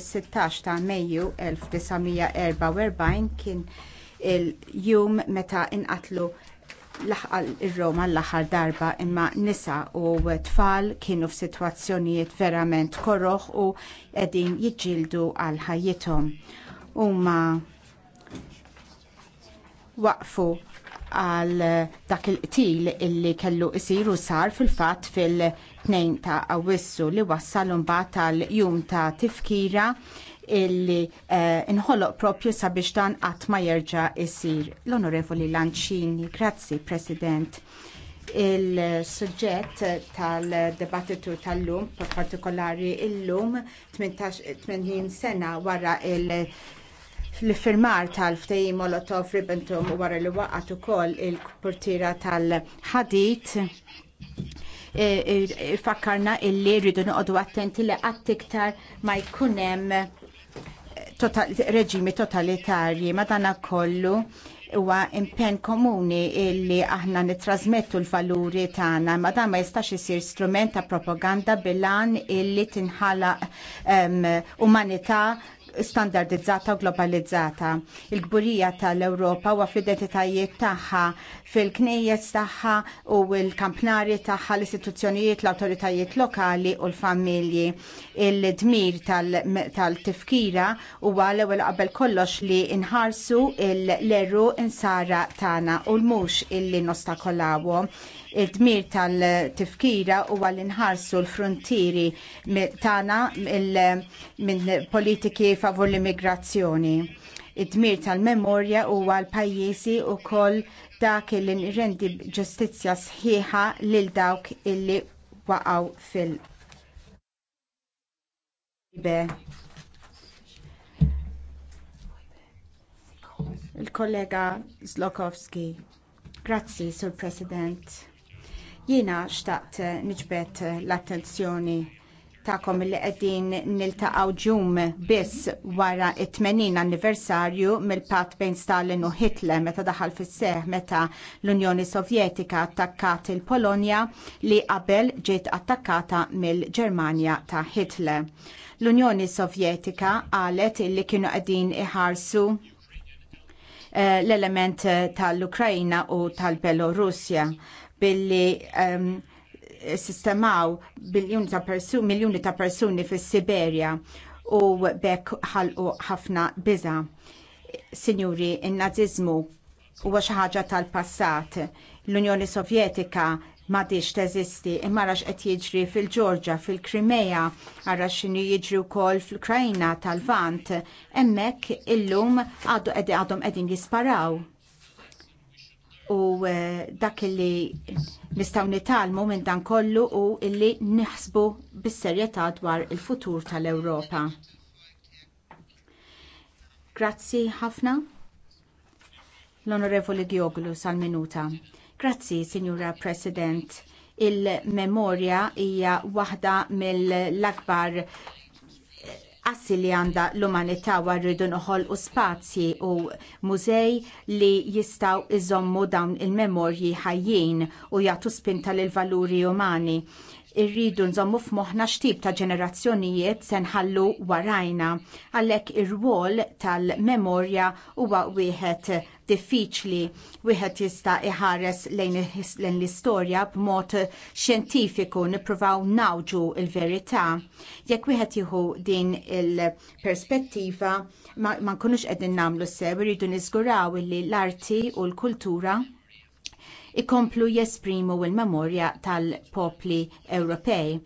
fis-16 ta' Mejju 1944 kien il-jum meta inqatlu laħqal ir-Roma l-aħħar darba imma nisa u tfal kienu f'sitwazzjonijiet verament korroħ u qegħdin jiġġieldu għal ħajjithom. Huma waqfu għal dak il-qtil illi kellu jsir u sar fil-fatt fil-, -fat fil Tnejn ta' Awwissu li wassal mbagħad tal-jum ta' tifkira illi eh, inħoloq propju sabiex dan qatt ma jerġa' isir. L-Onorevoli Lanċini, grazzi President il-sujġett tal-debattitu tal-lum, partikolari il-lum, 80 sena wara il- l-firmar tal-ftejim Molotov Ribbentum wara li waqgħet ukoll il-portira tal-ħadit Eh, fakkarna illi rridu noqogħdu attenti li qatt iktar ma jkun hemm eh, tota-, reġimi totalitarji madana kollu huwa impenn komuni illi aħna nitrasmettu l-valuri tagħna ma dan ma jistax isir strument ta' propaganda bilan illi tinħala um, umanità standardizzata u globalizzata. Il-gburija tal-Ewropa huwa fl-identitajiet tagħha, fil-knejjes tagħha u l-kampnari tagħha l-istituzzjonijiet, l-awtoritajiet lokali u l-familji. Il-dmir tal-tifkira huwa l-ewwel qabel kollox li nħarsu l-leru insara tagħna u l-mhux illi nostakolawhom Il-dmir tal-tifkira u għall-inħarsu l-frontieri tagħna minn politiki favur l-immigrazzjoni id-dmir tal-memorja huwa l-pajjiżi wkoll dak li rendi ġustizzja sħiħa lil dawk illi waqgħu fil Il-kollega Zlokowski. Grazzi, Sur President. Jiena xtaqt eh, niġbed eh, l-attenzjoni ta'kom li qegħdin niltaqgħu ġum biss wara t 80 anniversarju mill-patt bejn Stalin u Hitler meta daħal fis-seħ meta l-Unjoni Sovjetika attakkat il-Polonja li qabel ġiet attakkata mill-Ġermanja ta' Hitler. L-Unjoni Sovjetika qalet illi kienu qegħdin iħarsu eh, l-element tal-Ukrajna u tal-Belorussja billi um, sistemaw miljoni ta' persuni, miljuni ta' persuni fis siberja u bekk ħalqu ħafna biża. Sinjuri, il nazizmu huwa xi ħaġa tal-passat. L-Unjoni Sovjetika diċ teżisti imma rax qed jiġri fil-Ġorġa, fil-Krimea, għara x'inhu jiġri wkoll fl-Ukrajna tal-Vant, hemmhekk illum għadu għadhom qegħdin jisparaw u eh, dak li nistaw nitalmu minn dan kollu u illi niħsbu bis-serjetà dwar il-futur tal-Ewropa. Grazzi ħafna. L-Onorevoli Gioglu sal-minuta. Grazzi, Signora President. Il-memorja hija waħda mill-akbar assi li għandha l-umanità u rridu noħolqu spazji u mużej li jistgħu iżommu dawn il-memorji ħajjin u jagħtu spinta l valuri umani irridu nżommu f'moħħna x'tip ta' ġenerazzjonijiet se nħallu warajna. Għalhekk ir-rwol tal-memorja huwa wieħed diffiċli wieħed jista' iħares lejn l-istorja b'mod xjentifiku nippruvaw nawġu l-verità. Jekk wieħed jieħu din il-perspettiva ma nkunux qegħdin nagħmlu sew irridu niżguraw li l-arti u l-kultura ikomplu jesprimu il-memorja tal-popli Ewropej.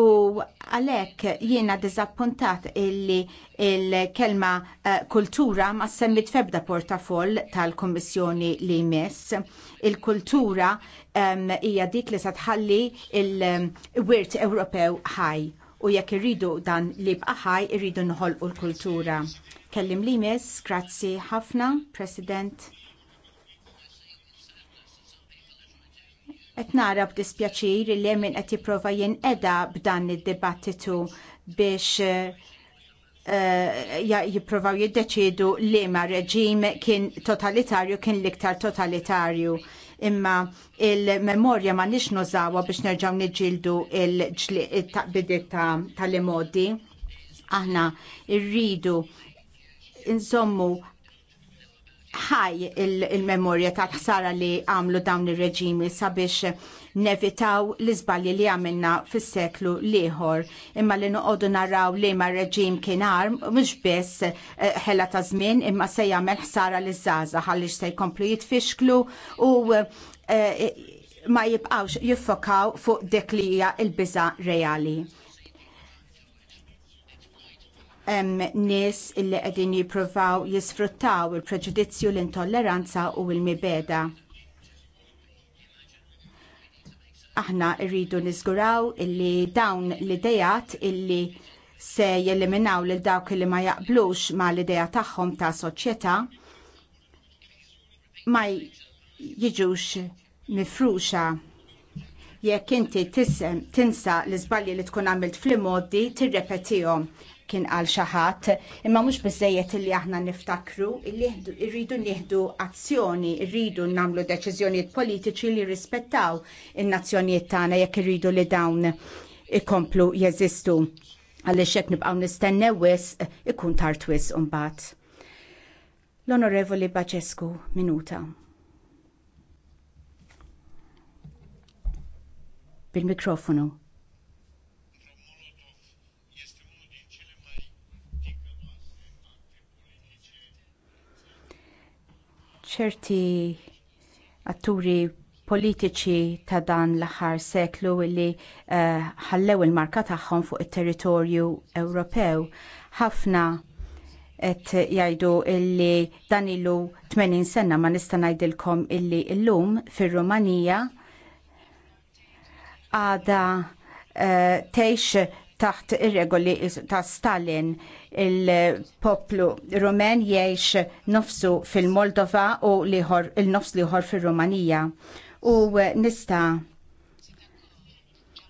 U għalek jiena dizappuntat illi il-kelma eh, kultura ma semmit febda portafoll tal-Kommissjoni li mess. Il-kultura hija um, dik li satħalli il-wirt Ewropew ħaj u jekk irridu dan li ħaj irridu nħolqu l-kultura. Kellim li mess, grazzi ħafna, President. Qed nara b'dispjaċir li min qed jipprova jinqeda b'dan id-dibattitu biex uh, jipprovaw jiddeċidu li ma reġim kien totalitarju kien l-iktar totalitarju imma il-memorja ma nix nużawa biex nerġaw nġildu il-taqbidiet tal-imodi. Aħna irridu insommu ħaj il-memorja il tal-ħsara li għamlu dawn ir-reġimi sabiex nevitaw l-iżbalji li għamilna fis-seklu liħor imma li noqogħdu naraw li ma reġim kien arm mhux biss eh, ħela ta' żmien imma se jagħmel ħsara li żgħażagħ għaliex se jkomplu jitfixklu u eh, ma jibqawx jiffokaw fuq dik li hija l-biża' reali hemm nies illi qegħdin jippruvaw jisfruttaw il-preġudizzju l-intolleranza u l-mibeda. Aħna rridu niżguraw illi dawn l-idejat illi se jeliminaw lil dawk li ma jaqblux mal l idea tagħhom ta' soċjetà ma jiġux mifruxa jekk inti tinsa l-iżbalji li tkun għamilt fl-immoddi tirrepetihom kien għal xaħat, imma mhux bizzejiet li aħna niftakru, illi rridu nieħdu azzjoni, rridu nagħmlu deċiżjonijiet politiċi li rispettaw in-nazzjonijiet tagħna jekk irridu li dawn ikomplu jeżistu. Għaliex xek nibqgħu nistennew wis ikun tard wis imbagħad. L-Onorevoli Bacescu minuta. Bil-mikrofonu. ċerti atturi politiċi ta' dan l-aħħar seklu li eh, ħallew uh, il-marka tagħhom fuq it-territorju Ewropew. Ħafna qed jgħidu illi dan ilu 80 sena ma nista' ngħidilkom illi llum fir-Rumanija għada uh, eh, tgħix taħt ir-regoli ta' Stalin il-poplu rumen jgħix nofsu fil-Moldova u liħor, il-nofs liħor fil-Rumanija. U nista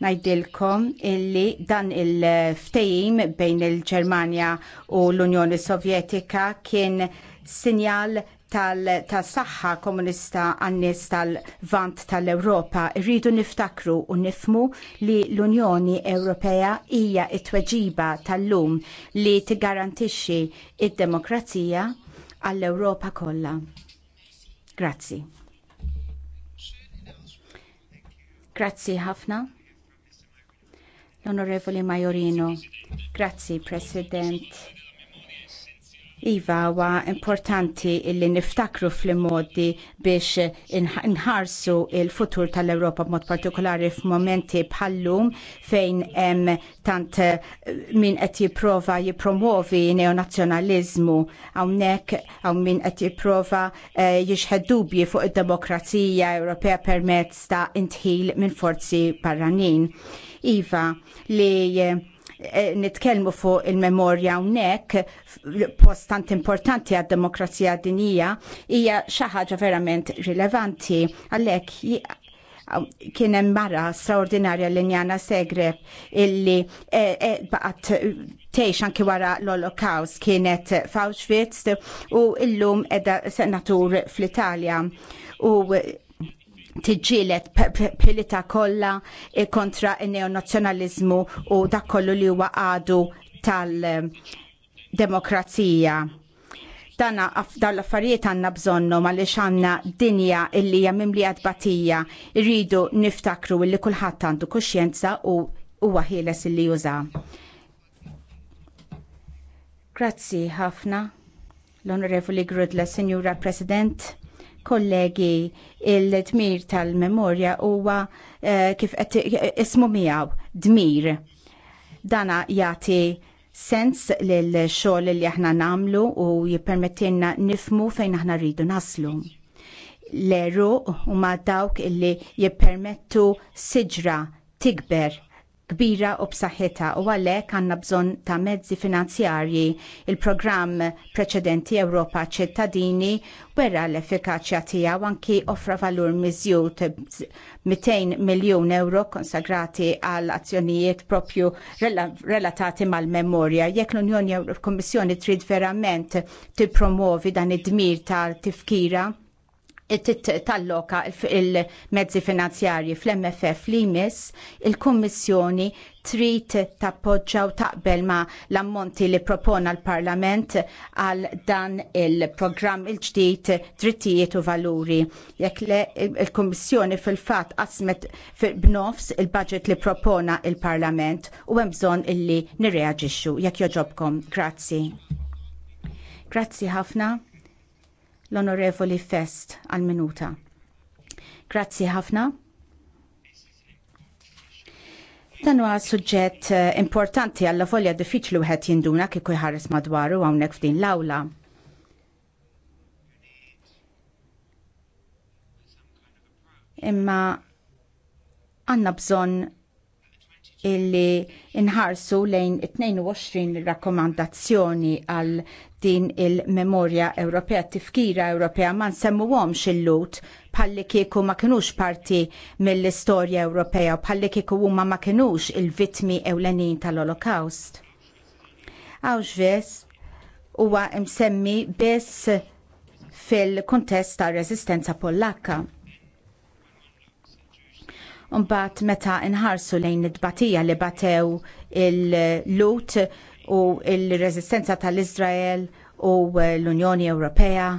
najdilkom illi dan il-ftejim bejn il-Ġermanja u l-Unjoni Sovjetika kien sinjal tal-saħħa komunista komunista għannis tal-vant tal-Europa rridu niftakru u nifmu li l-Unjoni Ewropea hija t tweġiba tal-lum li tigarantixxi id-demokrazija għall-Ewropa kollha. Grazzi. Grazzi ħafna l-Onorevoli Majorino. Grazzi, President Iva huwa importanti illi niftakru fl-modi biex nħarsu il-futur tal-Ewropa b'mod partikolari f'momenti bħallum fejn hemm tant eh, min qed jipprova jipromovi neonazzjonaliżmu hawnhekk hawn min qed jipprova eh, jixħed dubji fuq id-demokrazija Ewropea permezz ta' intħil minn forzi barranin. Iva li eh, Eh, nitkellmu fuq il-memorja hawnhekk postant importanti għad-demokrazija dinija hija xi ħaġa verament rilevanti għalhekk kien hemm mara straordinarja l-Injana Segreb illi eh, eh, baqgħet tgħix anki wara l-Holocaust kienet f'Auschwitz u llum qiegħda senatur fl-Italja u Tiġielet pilita kollha eh, kontra n-neonazzjonaliżmu u dak kollu li huwa għadu tal-demokrazija. Dana dawn l-affarijiet għandna bżonnhom għaliex għandna dinja illi hija mimlija tbatija rridu niftakru illi kulħadd għandu kuxjenza u huwa ħieles illi juża. Grazzi ħafna l-Onorevoli Grudla, Signora President kollegi il-dmir tal-memorja huwa eh, kif qed ismu miegħu dmir. Dana jagħti sens lil xogħol li aħna namlu u jippermettilna nifmu fejn aħna rridu naslu. L-eru huma dawk illi jippermettu siġra tikber kbira u b'saħħitha u għalhekk għandna bżonn ta' mezzi finanzjarji. Il-programm preċedenti Ewropa ċittadini wera l-effikaċja tiegħu anki offra valur miżjud 200 miljun euro konsagrati għal azzjonijiet propju relatati mal-memorja. Jekk l-Unjoni Kummissjoni trid verament tippromovi dan id-dmir tal-tifkira talloka il-mezzi finanzjarji fl-MFF li jmiss il-Kummissjoni trid tappoġġa u taqbel ma l-ammonti li propona l-Parlament għal dan il-programm il-ġdid drittijiet u valuri. Jekk il-Kummissjoni fil-fatt qasmet b'nofs il-budget li propona il-Parlament u hemm bżonn illi nirreaġixxu jekk joġobkom. Grazzi. Grazzi ħafna l-Onorevoli Fest għal-minuta. Grazzi ħafna. Dan huwa suġġett eh, importanti għalla folja diffiċli wieħed jinduna kieku jħares madwaru hawnhekk f'din l-awla. Imma għandna bżonn illi inħarsu lejn 22 rakkomandazzjoni għal din il-memorja Ewropea, tifkira Ewropea, ma nsemmuhomx il-lut palli kieku ma kinux parti mill-istorja Ewropea, palli kieku huma ma kinux il-vitmi ewlenin tal-Holocaust. Auschwitz huwa msemmi biss fil-kontest ta' rezistenza Pollakka. bat meta nħarsu lejn id-batija li batew il-lut u l-reżistenza tal-Izrael u l-Unjoni Ewropea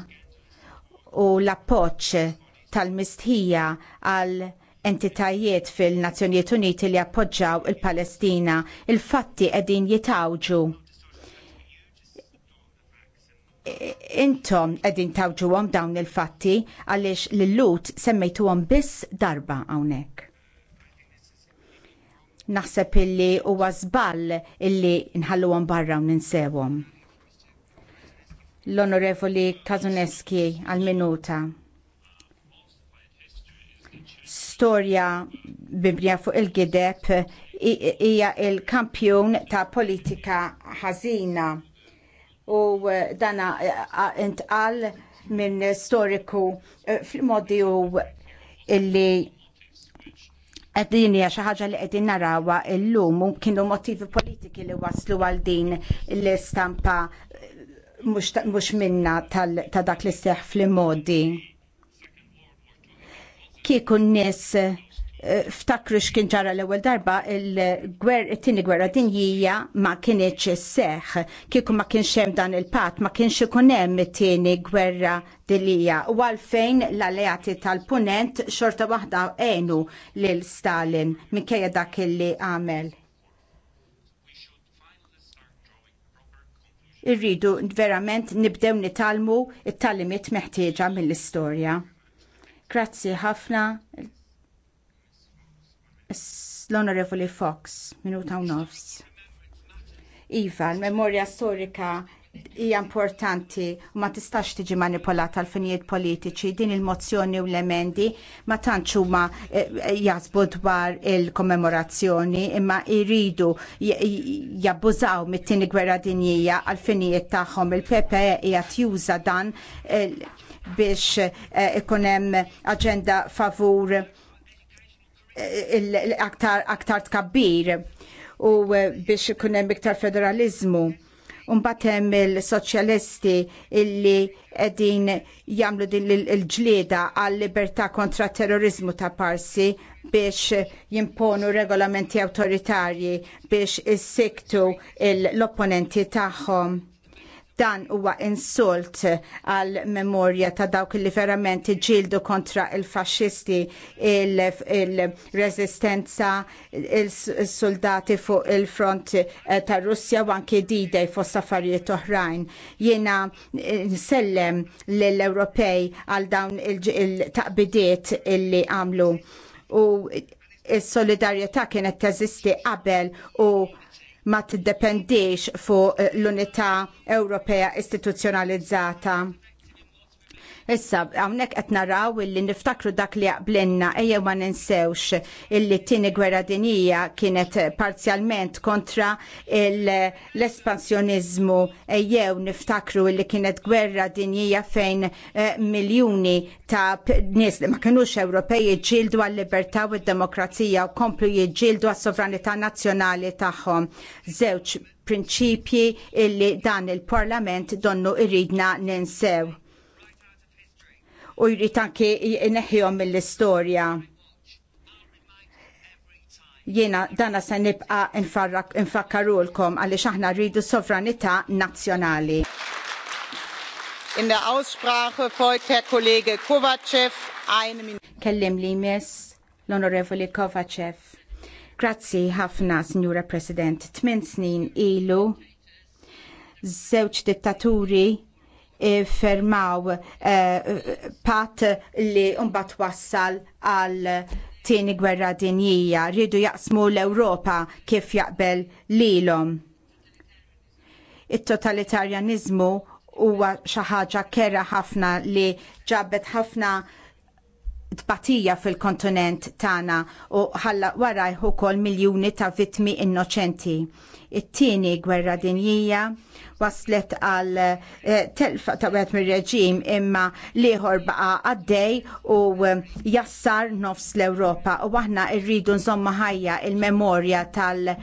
u l-appoċ tal-mistħija għal entitajiet fil-Nazzjonijiet Uniti li appoġġaw il-Palestina il-fatti qegħdin jitawġu. Intom qegħdin tawġuhom dawn il-fatti għaliex l-lut semmejtuhom biss darba hawnhekk naħseb illi huwa żball illi nħalluhom barra u ninsewhom. L-Onorevoli Kazuneski għal-minuta. Storja Biblja fuq il-gideb hija il-kampjun ta' politika ħażina u dana intqal minn storiku eh, fil-modi u illi Din hija xi ħaġa li qegħdin narawha llum kienu motivi politiki li waslu għal din l-istampa eh, mhux minna ta' dak li seħ fl-modi. Kieku n ftakru x'kien ġara l-ewwel darba il-gwer it-tieni gwerra dinjija ma kienx seħ kieku ma kienx hemm dan il-patt ma kienx ikun hemm it-tieni gwerra dinjija u għalfejn l-alleati tal-punent xorta waħda għenu lil Stalin minkejja dak illi għamel. Irridu verament nibdew nitalmu it tallimiet meħtieġa mill-istorja. Grazzi ħafna l-Onorevoli Fox, minuta nofs. Iva, l-memorja storika hija importanti u ma tistax tiġi manipolata għal finijiet politiċi din il-mozzjoni u l-emendi ma tantx huma eh, eh, jasbu dwar il-kommemorazzjoni imma jridu jabbużaw mit-tieni gwerra dinjija għal finijiet tagħhom il-PP e hija tjuża dan eh, biex ikun hemm aġenda favur aktar, aktar tkabbir u eh, biex ikun hemm iktar federalizmu. mbagħad hemm il-soċjalisti illi qegħdin jagħmlu din il-ġlieda għal libertà kontra terrorizmu ta' parsi biex jimponu regolamenti awtoritarji biex issiktu l-opponenti tagħhom. Dan huwa insult għal memorja ta' dawk li verament ġildu kontra il-faxxisti, il-rezistenza, il-soldati fuq il-front eh, ta' Russja u anki d fuq fost affarijiet oħrajn. Jiena eh, nsellem l-Ewropej għal dawn il-taqbidiet illi għamlu u il-solidarieta kienet teżisti qabel u ma tiddependix fuq l-unità Ewropea istituzzjonalizzata Issa, hawnhekk qed naraw illi niftakru dak li għablenna ejjew ma ninsewx illi t-tieni gwerra dinija kienet parzjalment kontra l-espansjonizmu ejjew niftakru illi kienet gwerra dinija fejn eh, miljuni ta' nies li ma kinux Ewropej jġildu għal-libertà u d-demokrazija u komplu jġildu għas-sovranità nazzjonali tagħhom. Zewċ prinċipji illi dan il-Parlament donnu irridna ninsew u jrid anke neħjom mill-istorja. Jiena dana se nibqa nfakkarulkom għaliex aħna rridu sovranità nazzjonali. In der Aussprache folgt Herr Kollege Kovacev Minute. Kellim li miss l-Onorevoli Kovacev. Grazzi ħafna, Signora President. Tmien snin ilu, żewġ dittaturi fermaw eh, pat li mbagħad wassal għal tieni gwerra dinjija, rridu jaqsmu l-Ewropa kif jaqbel lilhom. it totalitarjaniżmu huwa xi ħaġa kera ħafna li ġabet ħafna tbatija fil-kontinent tagħna u ħalla warajh ukoll miljuni ta' vittmi innoċenti. It-tieni gwerra dinjija waslet għal eh, telfa ta' wieħed mir-reġim imma liħor baqa għaddej u eh, jassar nofs l-Ewropa u aħna rridu nżomma ħajja il-memorja tal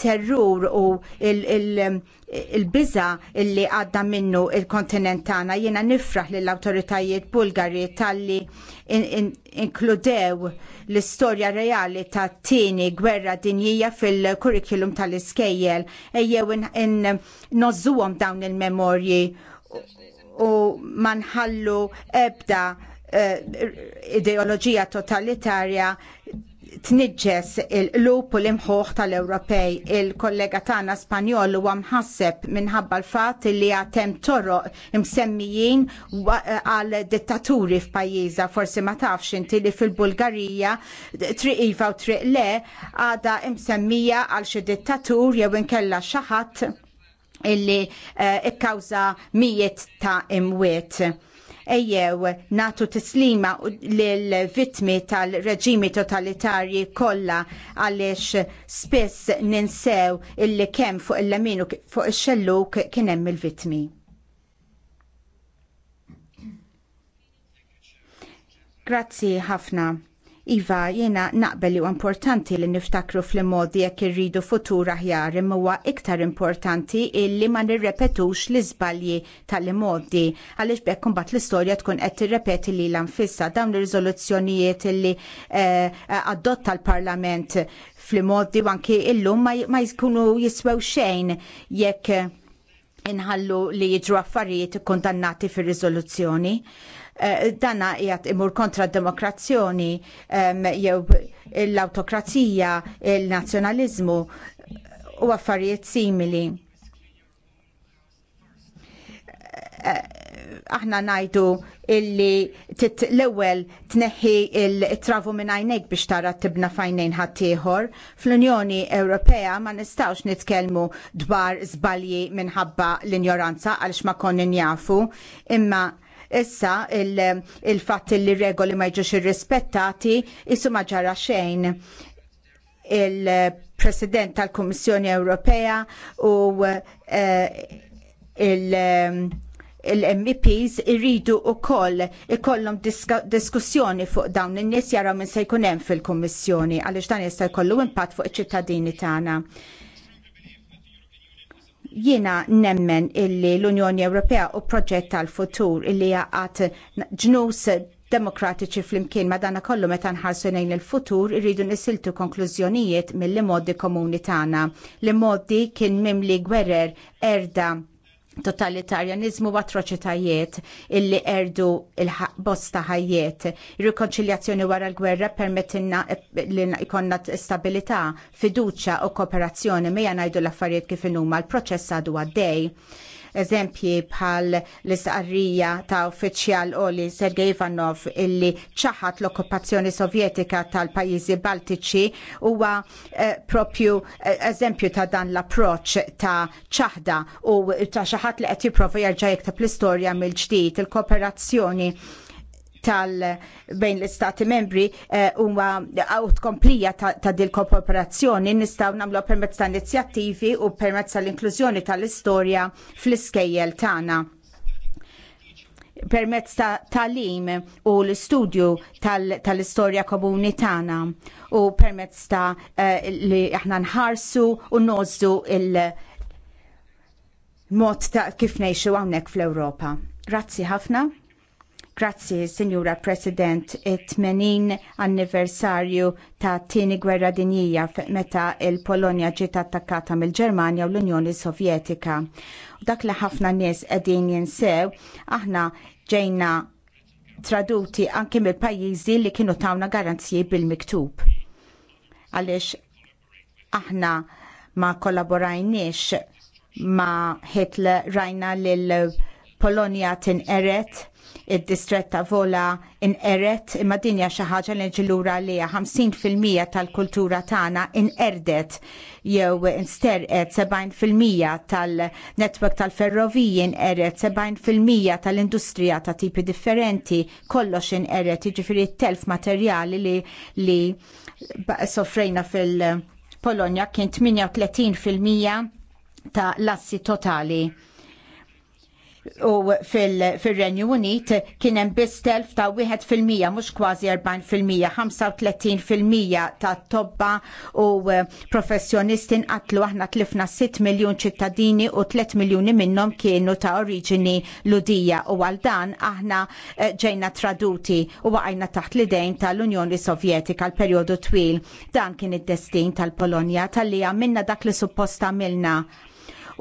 terrur u il-biza illi għadda minnu il-kontinent tagħna jiena nifraħ lill awtoritajiet Bulgari talli inkludew l-istorja reali ta' tieni gwerra dinjija fil-kurrikulum tal-iskejjel ejjew nozzuwom dawn il-memorji u manħallu ebda eh, ideoloġija totalitarja tniġġes il lupu u l-imħuħ tal-Ewropej. Il-kollega tagħna Spanjol huwa mħasseb minħabba l-fatt li għatem toroq msemmijin għal dittaturi f'pajjiża. Forsi ma tafx inti li fil-Bulgarija triq iva u triq le għada msemmija għal xi dittatur jew inkella xi ħadd illi eh, ikkawża mijiet ta' imwiet ejjew natu tislima l-vitmi tal-reġimi totalitarji kollha għaliex spiss ninsew illi kemm fuq il-leminu fuq ix-xelluk kien hemm il-vitmi. Grazzi ħafna. Iva, jiena naqbel li importanti li niftakru fl-modi jekk irridu futur aħjar imma huwa iktar importanti illi ma nirrepetux l-iżbalji tal-modi għaliex bekk imbagħad l-istorja tkun qed tirrepeti li l-anfissa dawn ir-riżoluzzjonijiet illi eh, adotta l-Parlament fl-modi anki illum ma jkunu jiswew xejn jekk inħallu li jidru affarijiet kondannati fir-riżoluzzjoni. Eh, danna jgħat imur kontra d-demokrazzjoni jew l-autokrazija, il-nazjonalizmu u affarijiet simili eh, aħna najdu illi l-ewwel tneħħi il-travu minn għajnejk biex tara tibna fajnejn ħaddieħor. Fl-Unjoni Ewropea ma nistgħux nitkellmu dwar żbalji minħabba l-injoranza għaliex ma konnin jafu, imma Issa il-fatt il li regoli ma jġux irrispettati issu ma ġara xejn il-President tal-Kummissjoni Ewropea u eh, il- il-MEPs irridu u koll ikollhom diskussjoni fuq dawn in-nies jaraw minn se jkun hemm fil-Kummissjoni għaliex dan jista' jkollu impatt fuq iċ-ċittadini tagħna. Jiena nemmen illi l-Unjoni Ewropea u proġett tal-futur illi jaqat ġnus demokratiċi flimkien madana kollu meta nħarsu lejn il-futur irridu nisiltu konklużjonijiet mill-modi komuni tagħna. L-modi kien mimli gwerer erda totalitarjanizmu u atroċitajiet illi erdu il-bosta ħajjiet. Rikonċiljazzjoni wara l-gwerra permettinna eh, li ikonna stabilità, fiduċa u kooperazzjoni mejja ngħidu l-affarijiet kif il-numa l-proċess għadu għaddej eżempji bħal l isqarrija ta' uffiċjal Oli Sergej Ivanov illi ċaħat l-okkupazzjoni sovjetika tal-pajjiżi Baltiċi huwa eh, propju eh, eżempju ta' dan l-approċ ta' ċaħda u ta' xaħat li qed jipprova jerġa' jektab l-istorja mill-ġdid il-kooperazzjoni tal bejn l-istati membri eh, huwa għaw tkomplija ta' dil kooperazzjoni nistgħu nagħmlu permezz ta' inizjattivi u permezz tal-inklużjoni tal-istorja fl-iskejjel tagħna permezz ta' talim u l-istudju tal-istorja komuni tagħna u permezz ta' eh, li aħna nħarsu u nozzu il-mod ta' kif ngħixu hawnhekk fl-Ewropa. Grazzi ħafna. Grazzi, Signora President, it menin anniversarju ta' tieni gwerra dinjija meta il-Polonja ġiet attakkata mill-Ġermanja u l-Unjoni Sovjetika. U dak li ħafna nies qegħdin jinsew, aħna ġejna traduti anke mill-pajjiżi li kienu tawna garanzji bil-miktub. Għaliex aħna ma kollaborajniex ma Hitler rajna lil Polonja tinqeret id-distretta vola inqeret imma dinja xi ħaġa li ġilura għaliha 50% tal-kultura tagħna inqerdet jew insterqet 70% tal-netwerk tal-ferroviji inqeret 70% tal-industrija ta' tipi differenti kollox inqeret jiġifieri telf materjali li li sofrejna fil-Polonja kien 38% ta' lassi totali u fil-Renju Unit kien hemm biss ta' wieħed fil mhux kważi 40%, 35% ta' tobba u eh, professjonisti nqatlu aħna tlifna 6 miljun ċittadini u 3 miljuni minnhom kienu ta' oriġini ludija u għal dan aħna eh, ġejna traduti u waqajna taħt l-idejn tal-Unjoni Sovjetika l-perjodu twil. Dan kien id-destin tal-Polonja tal-li għamilna dak li supposta għamilna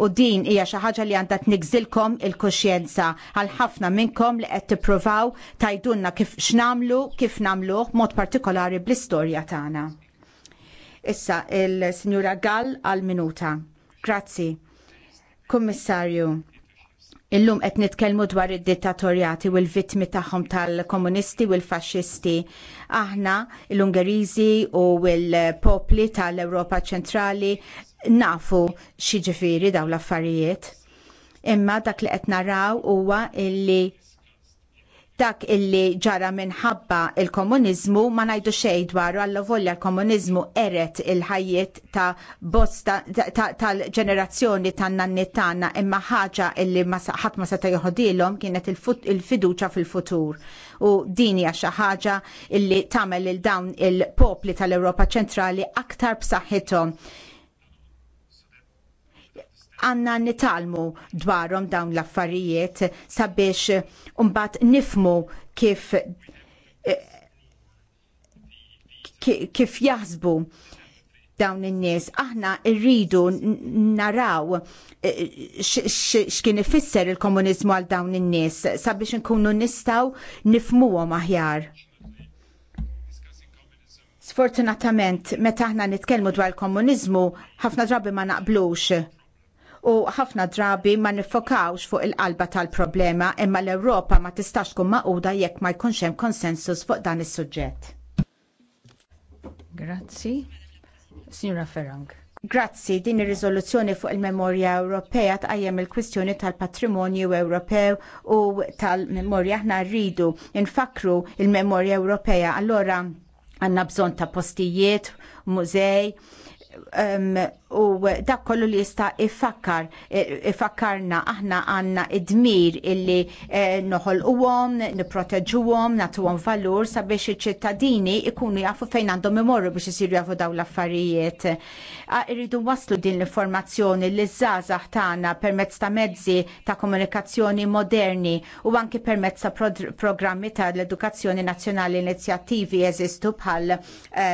u din hija xi ħaġa li għandha tnigżilkom il-kuxjenza għal ħafna minnkom li qed tippruvaw tajdunna kif x'namlu, kif nagħmluh mod partikolari bl-istorja tagħna. Issa il-Sinjura Gall għal minuta. Grazzi. Kummissarju, Illum qed nitkellmu dwar id-dittatorjati u l-vittmi tagħhom tal-komunisti u l-faxxisti. Aħna l-Ungeriżi u l-popli tal-Ewropa ċentrali nafu xieġifiri daw l-affarijiet. Imma dak li qed naraw huwa illi dak illi ġara minħabba il-komunizmu ma najdu xej dwaru għallu volja l-komunizmu eret il-ħajiet ta' bosta tal-ġenerazzjoni ta', ta, ta nanni tagħna imma ħaġa illi ħadd ma seta' joħodilhom kienet il-fiduċa il fil-futur. U dini għaxa ħaġa illi tagħmel il-dawn il-popli tal-Ewropa ċentrali aktar b'saħħithom għanna nitalmu dwarhom dawn l-affarijiet sabiex umbat nifmu kif eh, kif jaħsbu dawn in-nies. Aħna rridu naraw eh, x'kien ifisser il-komuniżmu għal dawn in-nies sabiex nkunu nistgħu nifmuhom aħjar. Sfortunatament, meta aħna nitkellmu dwar il-komuniżmu, ħafna drabi ma naqblux u ħafna drabi ma nifokawx fuq il-qalba tal-problema imma l-Ewropa ma tistax tkun maquda jekk ma jkunx hemm konsensus fuq dan is-suġġett. Grazzi. Signora Ferrang. Grazzi din ir-riżoluzzjoni fuq il-Memorja Ewropea tqajjem il-kwistjoni tal-Patrimonju Ewropew u tal-Memorja aħna rridu infakru il-Memorja Ewropea allora għandna bżonn ta' postijiet, mużej, u dak kollu li jista' ifakkar ifakkarna aħna għandna id-dmir illi e, noħolquhom, nipproteġuhom, nagħtuhom valur sabiex iċ-ċittadini ikunu jafu fejn għandhom imorru biex jisiru jafu dawn l-affarijiet. Irridu waslu din l-informazzjoni li żgħażagħ tagħna permezz ta' mezzi ta' komunikazzjoni moderni u anki permezz ta' programmi tal-Edukazzjoni Nazzjonali inizjattivi jeżistu bħal e,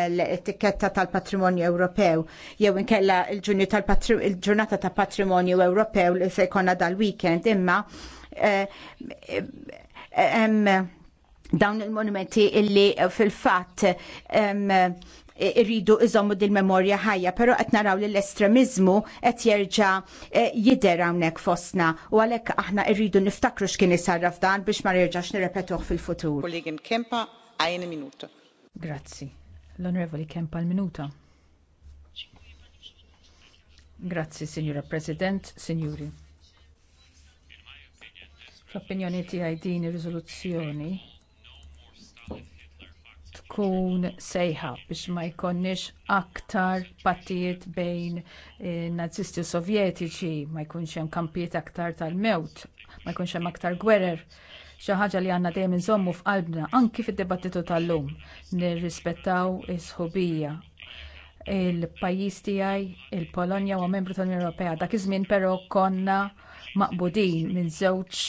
l-etiketta tal-Patrimonju Ewropew jew inkella il-ġurnata ta' patrimonju Ewropew li se jkollna dal-weekend imma eh, eh, dawn il-monumenti illi fil-fatt irridu iżommu din memorja ħajja, pero qed naraw li l-estremizmu qed jerġa' eh, jidher hawnhekk fostna u għalhekk aħna rridu niftakru x'kien isarra f'dan biex ma jerġax nirrepetuh fil-futur. Kollegin Kempa, għajni minuta. Grazzi. L-Onorevoli Kempa l-minuta. Grazzi, Signora President, Signori. L-opinjoni tiegħi din ir-riżoluzzjoni tkun sejħa biex ma jkollniex aktar patijiet bejn eh, nazisti sovjetiċi, ma jkunx hemm kampijiet aktar tal-mewt, ma jkunx hemm aktar gwerer. Xi ħaġa li għandna dejjem inżommu f'qalbna anki fid-dibattitu tal-lum nirrispettaw is-sħubija il-pajjiż tiegħi, il-Polonja huwa membru tal-Unjoni Ewropea. Dak iż-żmien però konna maqbudin minn żewġ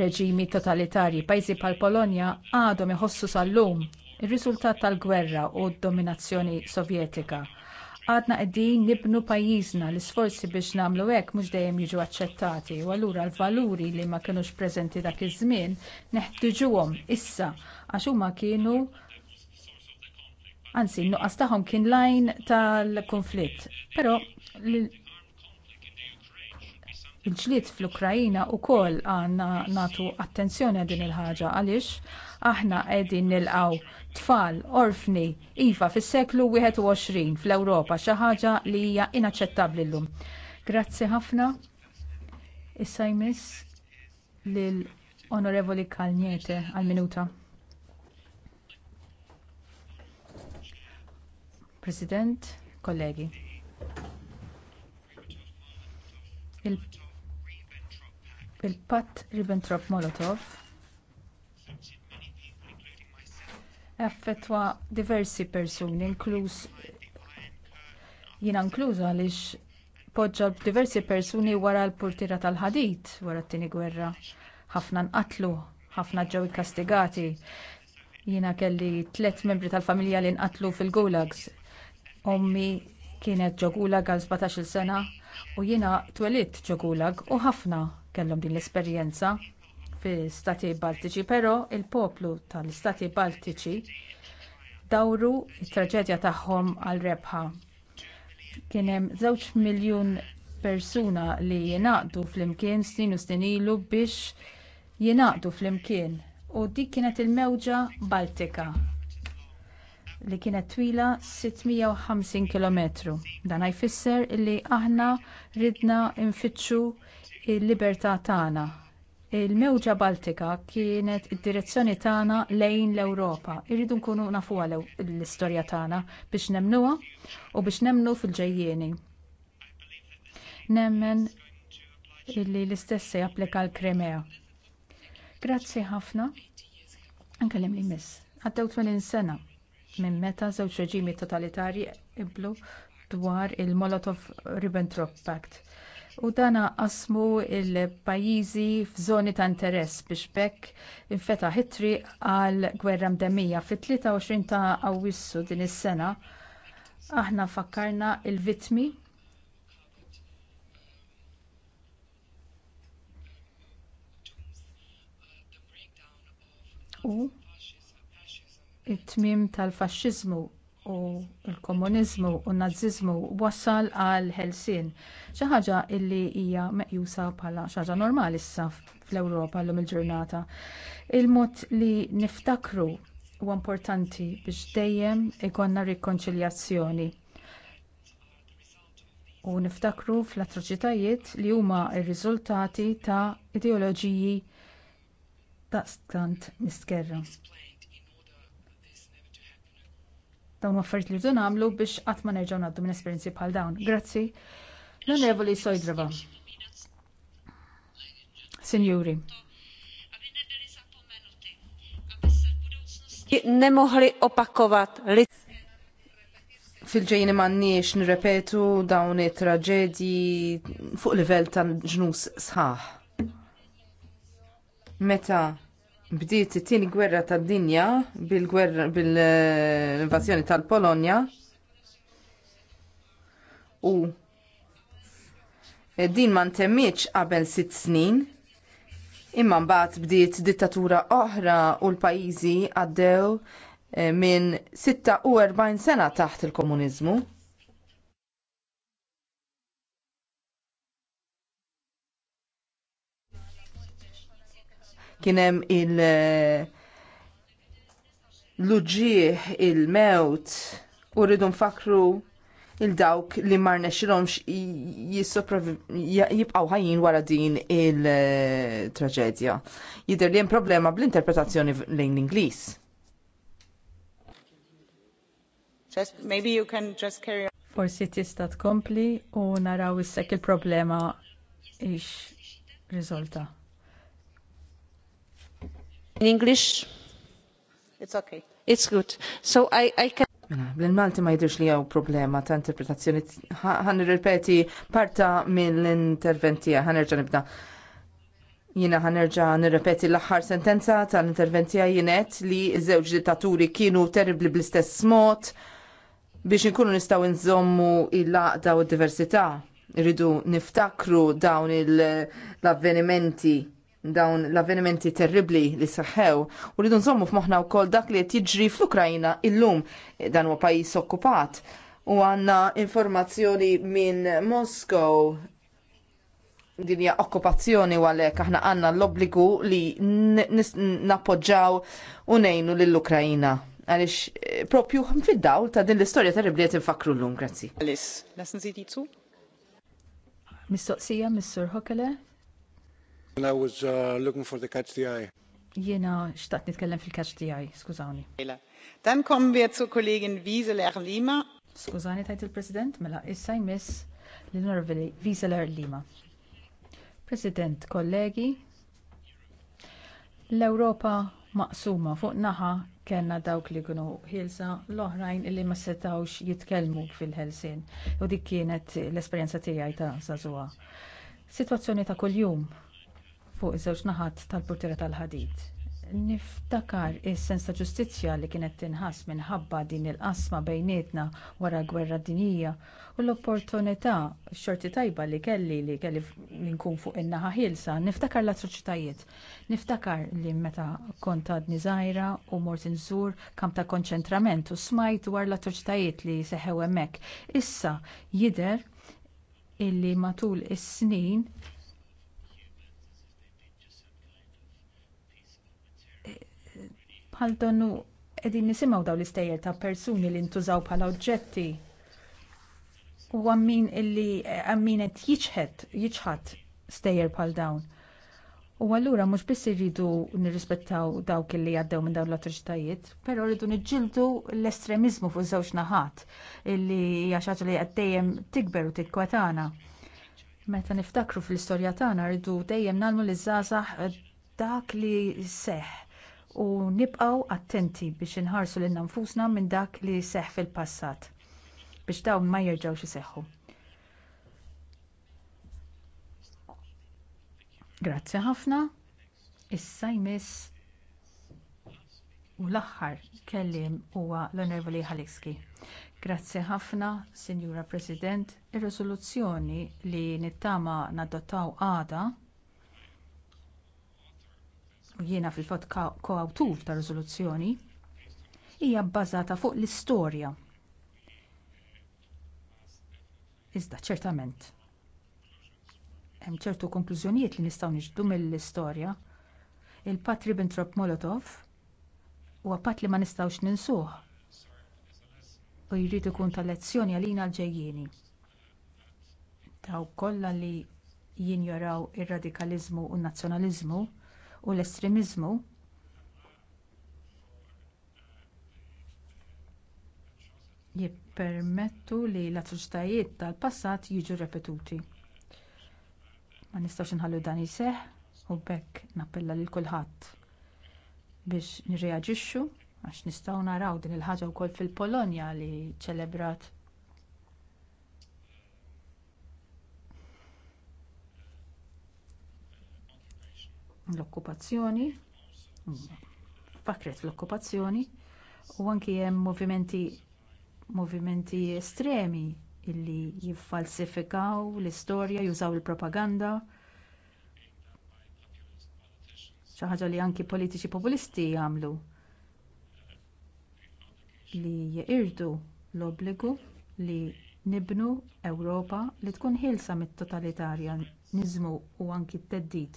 reġimi totalitarji. Pajjiżi bħal Polonja għadhom iħossu sal-lum ir-riżultat tal-gwerra u d-dominazzjoni Sovjetika. Għadna qegħdin nibnu pajjiżna l-isforzi biex nagħmlu hekk mhux dejjem jiġu aċċettati u allura l-valuri li ma kinux preżenti dak iż-żmien neħtieġuhom issa għax huma kienu anzi n-nuqqas tagħhom kien lajn tal-konflitt. Però il-ġlied fl-Ukrajina wkoll għandna nagħtu attenzjoni għal din il-ħaġa għaliex aħna qegħdin nilqgħu tfal orfni iva fis-seklu 21 fl-Ewropa xi ħaġa li hija inaċċettabbli llum. Grazzi ħafna. Issa jmiss lill Onorevoli Kalniete għal minuta. President, kollegi. Il-patt il patt ribbentrop molotov effettwa diversi persuni, inkluż jiena inkluż għaliex poġġa diversi persuni wara l-portira tal-ħadid wara t-tieni gwerra. Ħafna nqatlu, ħafna ġew ikkastigati. Jiena kelli tliet membri tal-familja li nqatlu fil-gulags Ommi kienet ġogulag għal 17-il sena u jiena twelidt ġogulag u ħafna kellhom din l-esperjenza fl-Istati Baltiċi, però l poplu tal-Istati Baltiċi dawru t traġedja tagħhom għal rebħa. Kien hemm żewġ miljun persuna li jingħaqdu flimkien snin u snin ilu biex jingħaqdu flimkien u dik kienet il-mewġa Baltika li kienet twila 650 km. Dan jfisser li aħna ridna nfittxu l libertà tagħna. Il-mewġa Baltika kienet id-direzzjoni tagħna lejn l-Ewropa. Irridu nkunu nafuha l-istorja tagħna biex nemnuha u biex nemnu fil-ġejjieni. Nemmen illi l-istess se japplika l-Kremea. Grazzi ħafna. Nkellem li miss. Għaddew 20 sena minn meta żewġ reġimi totalitarji qiblu dwar il-Molotov-Ribbentrop Pact. U dan qasmu l pajjiżi f'żoni ta' interess biex bekk infetaħ it-triq għal gwerra mdemmija fit-23 ta' Awwissu din is-sena. Aħna fakkarna l-vittmi u it-tmiem tal-faxxiżmu u l-komuniżmu u n naziżmu wassal għal ħelsien xi ħaġa li hija meqjusa bħala xi ħaġa normali issa fl-Ewropa llum il-ġurnata. Il-mod li niftakru huwa importanti biex dejjem ikollna rikonċiljazzjoni u niftakru fl-atroċitajiet li huma r-riżultati ta' ideoloġiji ta' stant miskerra dawn affarijiet li rridu nagħmlu biex qatt ma nerġgħu ngħaddu minn esperjenzi bħal dawn. Grazzi. L-Onorevoli Sojdrova. Sinjuri. Nemoħli opakovat fil-ġejni manniex nirrepetu dawn it-traġedji fuq livell ta' ġnus sħaħ. Meta bdiet it-tieni gwerra tad-dinja bil-invażjoni bil tal-Polonja u din ma ntemmietx qabel sitt snin imma mbagħad bdiet dittatura oħra u l-pajjiżi għaddew eh, minn 46 sena taħt il-komuniżmu. kienem il- eh, l-uġieħ, il-mewt, u rridu nfakru il-dawk li marne xilomx jibqaw ħajjin wara din il-traġedja. Eh, Jider li jem problema bl-interpretazzjoni lejn l-Inglis. maybe you can just carry on. Forsi tista tkompli u naraw issek il-problema ix rizolta. In English? It's okay. It's good. So I, I can... Mela, Bil-Malti ma jidirx li għaw problema ta' interpretazzjoni. Għan ripeti parta mill-interventija, għan nerġa nibda. Jina għan nerġa nirrepeti l-axħar sentenza tal-interventija jienet li żewġ dittaturi kienu terribli bl-istess mod biex nkunu nistaw nżommu il-laqda u d-diversità. Rridu niftakru dawn l-avvenimenti dawn l-avvenimenti terribli li seħħew u rridu nżommu f'moħħna wkoll dak li qed jiġri fl-Ukrajna illum dan huwa pajjiż okkupat u għandna informazzjoni minn Moskow din hija okkupazzjoni u għalhekk aħna għandna l-obbligu li nappoġġaw u ngħinu lill-Ukrajina. Għaliex eh, propju fid-dawl ta' din l-istorja terribli qed infakru llum, grazzi. Alice, lassen Sie Mistoqsija, Mr. Hokele, I was uh, looking for the catch the eye. Jena xtaqt nitkellem fil-catch the eye, skużawni. Dan kommen wir zu Kollegin Wieseler Lima. Skużani tajt il-President, mela issa jmiss l-Norveli Wieseler Lima. President, kollegi, l-Europa maqsuma fuq naħa kellna dawk li kienu hilsa l-oħrajn li ma setawx jitkellmu fil-ħelsien. U dik kienet l-esperjenza tiegħi ta' sazua. Sitwazzjoni ta' kuljum fuq iż-żewġ naħat tal purtira tal-ħadid. Niftakar is-sens ta' ġustizzja li kienet tinħass minħabba din il-qasma bejnietna wara l-gwerra dinija u l-opportunità xorti tajba li kelli li kelli li nkun fuq in-naħa ħielsa, niftakar l-atroċitajiet. Niftakar li meta konta d u mort inżur kamp ta' konċentrament u smajt dwar l-atroċitajiet li seħew hemmhekk. Issa jidher illi matul is-snin bħal donnu qegħdin nisimgħu dawn l-istejjer ta' persuni li ntużaw bħala oġġetti. U għammin illi eh, għammin qed jiġħed jiġħad stejjer bħal dawn. U allura mhux biss irridu nirrispettaw dawk li għaddew minn dawn l-atroċitajiet, però rridu niġġieldu l-estremiżmu fuq żewġ naħat illi hija li qed dejjem tikber u tikkwetana. Meta niftakru fl-istorja tagħna rridu dejjem nagħmlu li żgħażagħ dak li seħħ u nibqgħu attenti biex inħarsu lil nfusna minn dak li seħħ fil-passat biex dawn ma jerġgħux iseħħu. Grazzi ħafna. Issa jmiss u l-aħħar kelliem huwa l-Onorevoli Ħalikski. Grazzi ħafna, Sinjura President, ir-riżoluzzjoni li nittama nadottaw għada jiena fil-fatt koawtur ta' riżoluzzjoni hija bbażata fuq l-istorja. Iżda ċertament. Hemm ċertu konklużjonijiet li nistgħu niġbdu mill-istorja. Il-Pat Ribbentrop Molotov huwa patt li ma nistgħux ninsuh. U jrid ikun ta' lezzjoni għalina l-ġejjieni. Daw kollha li jinjoraw ir-radikaliżmu u n-nazzjonaliżmu u l-estremiżmu jippermettu li l-atroċitajiet tal-passat jiġu repetuti ma nistax inħallu dan iseħħ u b'hekk nappella lil kulħadd biex nirreaġixxu għax nistgħu naraw din il-ħaġa wkoll fil-polonja li ċċelebrat l-okkupazzjoni, fakret l-okkupazzjoni u anki jem movimenti movimenti estremi illi jiffalsifikaw l-istorja, jużaw il-propaganda. Xi ħaġa li anki politiċi populisti jagħmlu li jirdu l-obbligu li nibnu Ewropa li tkun ħilsa mit-totalitarjanizmu u anki t-teddid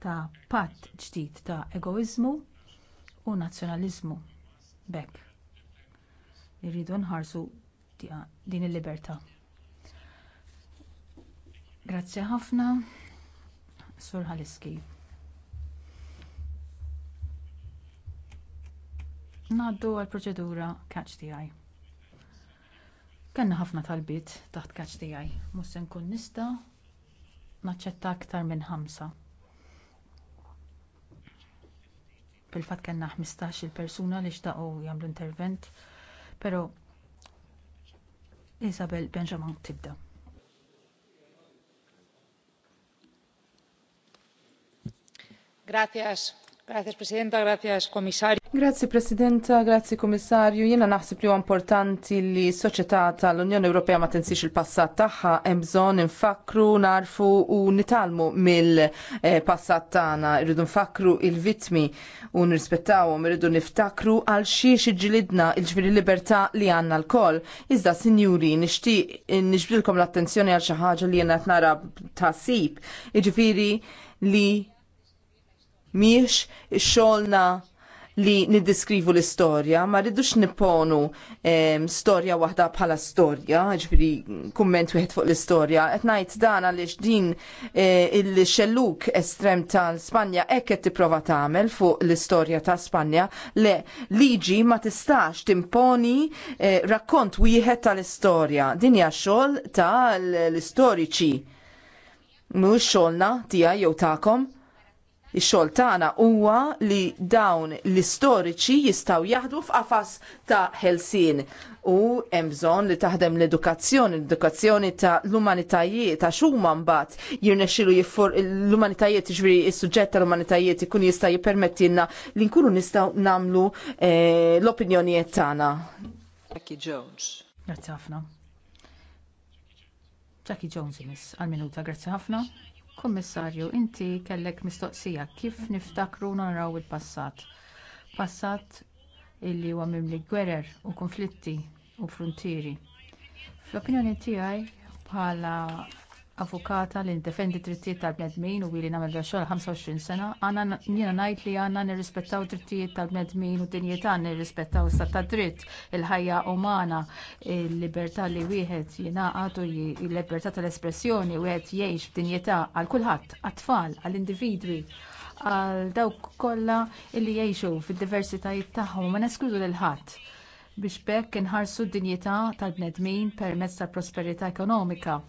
ta' patt ġdid ta' egoiżmu u nazzjonaliżmu b'hekk irridu nħarsu din il-libertà. Grazzi ħafna, Sur Haliski. Naddu għall proċedura catch the eye. Kenna ħafna talbiet taħt catch the eye, mussen kun nista naċċetta aktar minn ħamsa. fil-fatt kena 15 il persuna li xtaqgħu jagħmlu intervent, però Isabel Benjamin tibda. Gracias, Grazie Presidenta, grazie Komissarju. Jena Presidenta, Jiena naħseb li huwa importanti li s-soċjetà tal-Unjoni Ewropea ma tensix il-passat tagħha hemm bżonn infakru, narfu u nitalmu mill-passat tagħna. Irridu nfakru il-vittmi u nirrispettawhom, irridu niftakru għal xiex iġilidna il-ġviri libertà li għandna lkoll. Iżda, sinjuri, nixtieq nixbdilkom l-attenzjoni għal xi ħaġa li jiena qed nara ta' sib. Jiġifieri li miex xolna li niddiskrivu l-istorja, ma rridux nipponu um, storja waħda bħala storja, ġifiri kumment wieħed fuq l-istorja, qed ngħid dan għaliex din eh, il-xelluk estrem tal-Spanja hekk qed tipprova tagħmel fuq l-istorja ta' Spanja le liġi ma tistax timponi eh, rakkont wieħed tal-istorja. Din hija xogħol tal-istoriċi. Mux xogħolna tiegħi jew tagħkom Ix-xogħol tagħna huwa li dawn l-istoriċi jistgħu jaħdu f'qafas ta' ħelsien u hemm bżonn li taħdem l-edukazzjoni, l-edukazzjoni ta' l-umanitajiet għax huma mbagħad jirnexxielu l-umanitajiet jiġri s-suġġett tal-umanitajiet ikun jista' jippermettilna li nkunu nistgħu nagħmlu eh, l-opinjonijiet tagħna. Jackie Jones. Grazzi ħafna. Jackie Jones, miss, għal-minuta, grazzi ħafna. Kummissarju, inti kellek mistoqsija kif niftakru naraw il-passat. Passat illi huwa mimli gwerer u konflitti u fruntieri. Fl-opinjoni tiegħi bħala avukata li ndefendi drittijiet tal-bnedmin u li nagħmel xogħol 25 sena, għandna jiena ngħid li għandna nirrispettaw drittijiet tal-bnedmin u dinjità nirrispettaw stat ta' dritt, il-ħajja umana, il-libertà li wieħed jingħaqad u l-libertà tal-espressjoni u qed jgħix b'dinjità għal kulħadd, għat-tfal, għall-individwi għal dawk kollha li jgħixu fid-diversitajiet tagħhom ma neskludu lil ħadd biex bekk inħarsu d-dinjità tal-bnedmin permezz tal-prosperità ekonomika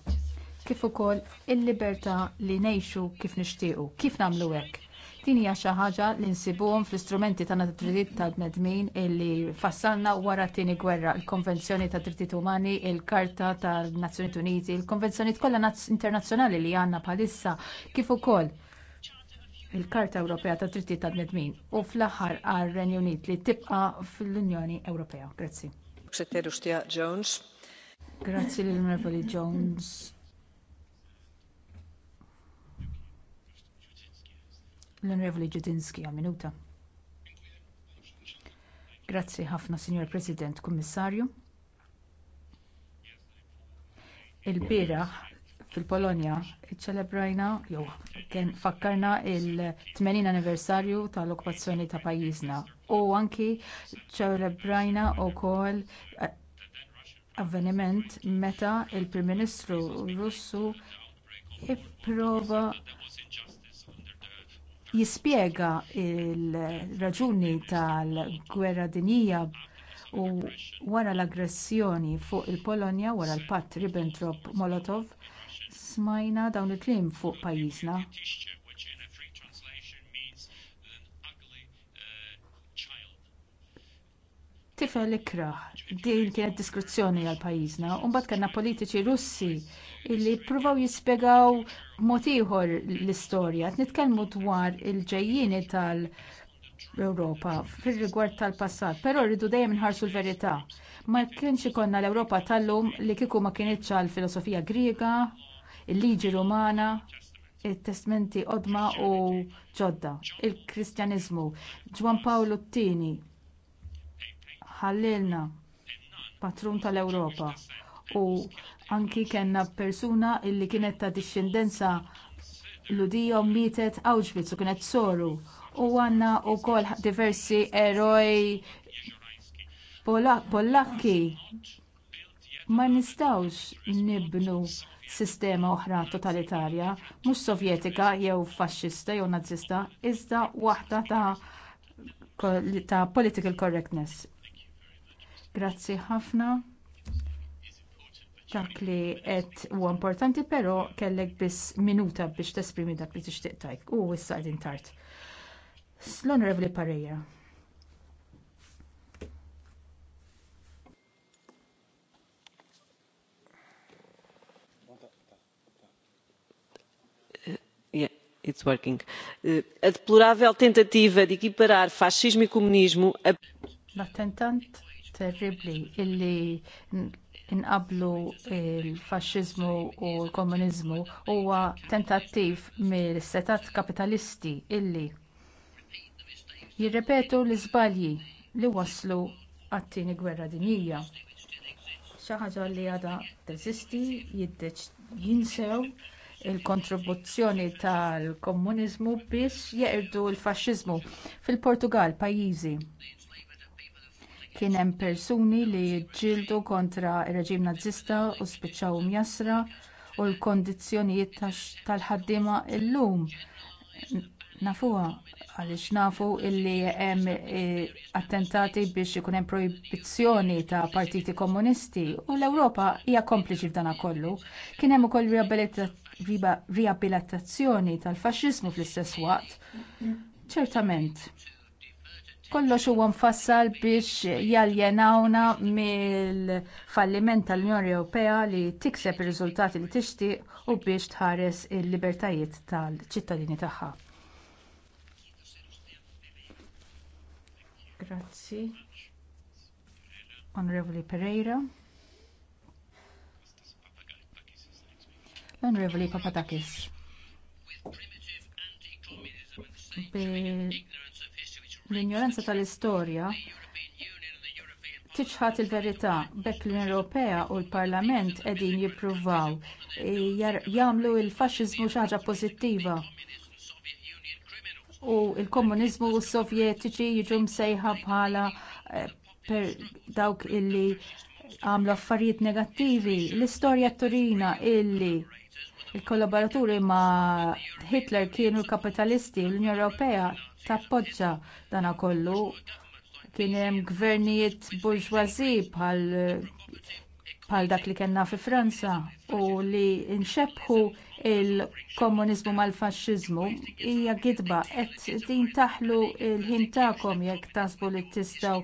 kif ukoll il-libertà li ngħixu kif nixtiequ. Kif nagħmlu hekk? Din hija xi ħaġa li nsibuhom fl-istrumenti tagħna ta' drittijiet tal-bnedmin illi fassalna wara t-tieni gwerra, il-Konvenzjoni ta' Drittijiet Umani, il-Karta tan-Nazzjonijiet Uniti, il-Konvenzjonijiet kollha internazzjonali li għandna bħalissa kif ukoll il-Karta Ewropea ta' Drittijiet tad bnedmin u fl-aħħar għar renju Unit li tibqa' fl-Unjoni Ewropea. Grazzi. Grazzi lill-Onorevoli Jones. L-Onorevoli Ġedinski għal minuta. Grazzi ħafna, Signor President, Kummissarju. Il-biraħ fil-Polonja iċċelebrajna jew kien fakkarna il-80 anniversarju tal-okkupazzjoni ta' pajjiżna u anki ċċelebrajna wkoll eh, avveniment meta l prim Ministru Russu ipprova jispjega il-raġuni tal-gwerra dinjija u wara l-aggressjoni fuq il-Polonja wara l-patt Ribbentrop-Molotov smajna dawn il-kliem fuq pajjiżna. Tifel ikraħ, din kienet diskrizzjoni għal pajjiżna, u mbagħad kellna politiċi Russi illi jippruvaw jispjegaw mod ieħor l-istorja. Qed nitkellmu dwar il-ġejjieni tal-Ewropa fir-rigward tal-passat, però rridu dejjem nħarsu l-verità. Ma kienx ikollna l-Ewropa tal-lum li kieku ma kienitx għall filosofija Griega, il-liġi Rumana, it-testmenti qodma u ġodda, il-Kristjaniżmu. Ġwan Paolo t-tieni ħallilna patrun tal-Ewropa u Anki kellna persuna illi kienet ta' discendenza ludijom mietet Auschwitz u kienet soru. U għandna wkoll diversi eroj Pollakki. Ma nistgħux nibnu sistema oħra totalitarja, mhux sovjetika jew faxxista jew nazzista, iżda waħda ta' ta' political correctness. Grazzi ħafna dak li qed huwa importanti però kellek biss minuta biex tesprimi dak li tixtieq tajk. u issa qegħdin tard. L-Onorevoli Pareja. Yeah, it's working. Uh, a deplorável tentativa de equiparar fascismo e comunismo a... l terribli illi inqablu l-faxxiżmu u l-komuniżmu huwa tentattiv mill setat kapitalisti illi jirrepetu l-iżbalji li wasslu għat-tieni gwerra dinjija xi ħaġa li għadha teżisti jinsew il-kontribuzzjoni tal-komuniżmu biex jeqirdu l-faxxiżmu fil-Portugal pajjiżi Kien hemm persuni li ġildu kontra ir-reġim nazzista u spiċċaw um jasra u l-kondizzjonijiet tal-ħaddiema llum nafuha għaliex nafu li hemm e, attentati biex ikun hemm projbizzjoni ta' partiti komunisti u l-Ewropa hija kompliċi f'dan kollu. Kien hemm ukoll riabilitazzjoni tal-faxxiżmu fl-istess waqt. Ċertament, kollox huwa mfassal biex jaljenawna mill-falliment tal-Unjoni Ewropea li tikseb ir-riżultati li tixtieq u biex tħares il-libertajiet tal-ċittadini tagħha. Grazzi. Onorevoli Pereira. onorevoli Papadakis l-injoranza tal-istorja tiċħat il-verità b'hekk l-Unjoni Ewropea u l-Parlament qegħdin jippruvaw eh, jagħmlu l-faxxiżmu xi ħaġa pożittiva. U l-komuniżmu u s-sovjetiċi jiġu msejħa bħala eh, dawk illi għamlu affarijiet negattivi. L-istorja turina illi l kollaboraturi ma' Hitler kienu kapitalisti u l-Unjoni Ewropea tappoġġa dana kollu kien hemm gvernijiet burġważi bħal bħal dak li kellna fi Franza u li nxebħu l komuniżmu mal-faxxiżmu hija gidba qed din taħlu l-ħin tagħkom jekk tasbu li tistgħu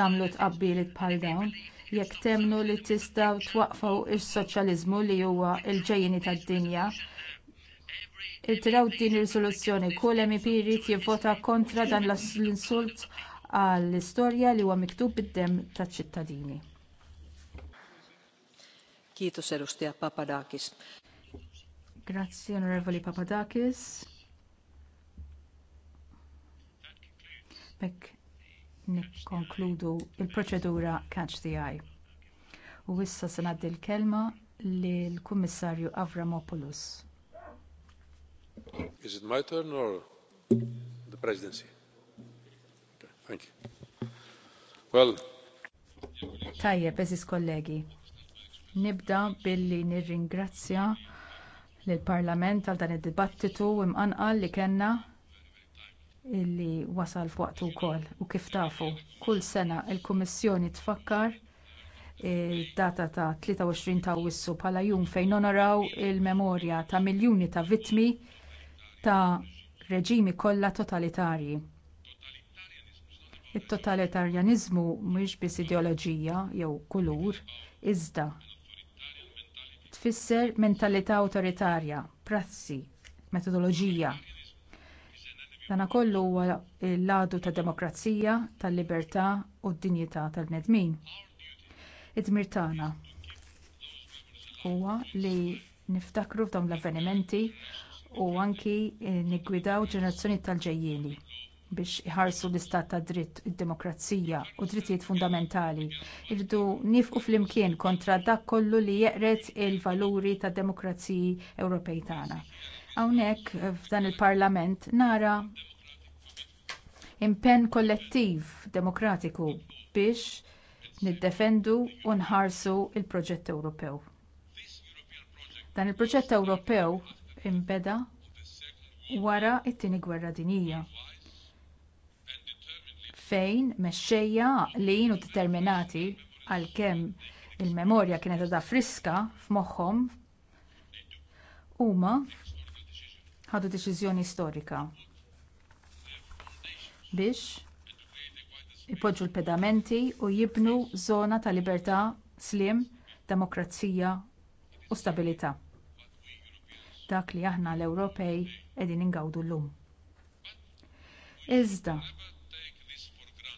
tagħmlu tqabbilet bħal dawn jekk temnu li tistgħu twaqfu s soċjaliżmu li huwa l-ġejjini tad-dinja irtiraw din ir riżoluzzjoni kull mep irid jivvota kontra dan l-insult għall-istorja li huwa miktub bid-demm taċ-ċittadini. Kieto Serustia Papadakis. Grazzi onorevoli Papadakis. Bekk nikkonkludu l proċedura Catch the Eye. U issa se ngħaddi l-kelma lill-Kummissarju Avramopoulos. Is it my turn or the presidency? thank you. Well. Tajjeb, eżis kollegi. Nibda billi nirringrazzja lill-Parlament għal dan id-dibattitu imqanqal li kellna illi wasal f'waqtu wkoll u kif tafu kull sena l-Kummissjoni tfakkar id-data ta' 23 ta' Awwissu bħala jum fejn onoraw il-memorja ta' miljuni ta' vittmi ta' reġimi kollha totalitarji. It-totalitarjaniżmu mhix biss ideoloġija jew kulur, iżda tfisser mentalità awtoritarja, prassi, metodoloġija. Dana huwa l-għadu tad demokrazija, tal-libertà u d-dinjità tal-bnedmin. Id-dmir tagħna huwa li niftakru f'dawn l-avvenimenti u anki eh, niggwidaw ġenerazzjoni tal-ġejjieli biex iħarsu l-istat ta' dritt, id-demokrazija u drittijiet fundamentali. Irdu nifqu flimkien kontra dak kollu li jeqret il-valuri tad demokraziji Ewropej tagħna. Hawnhekk eh, f'dan il-Parlament nara impenn kollettiv demokratiku biex niddefendu u nħarsu l proġett Ewropew. Dan il-proġett Ewropew inbeda wara t-tieni gwerra dinjija fejn mexxejja għaqlin u determinati għalkemm il-memorja kienet għadha friska f'moħħhom huma ħadu deċiżjoni storika biex ipoġġu l-pedamenti u jibnu żona ta' libertà, sliem, demokrazija u stabbiltà dak li aħna l-Ewropej qegħdin ingawdu llum. Iżda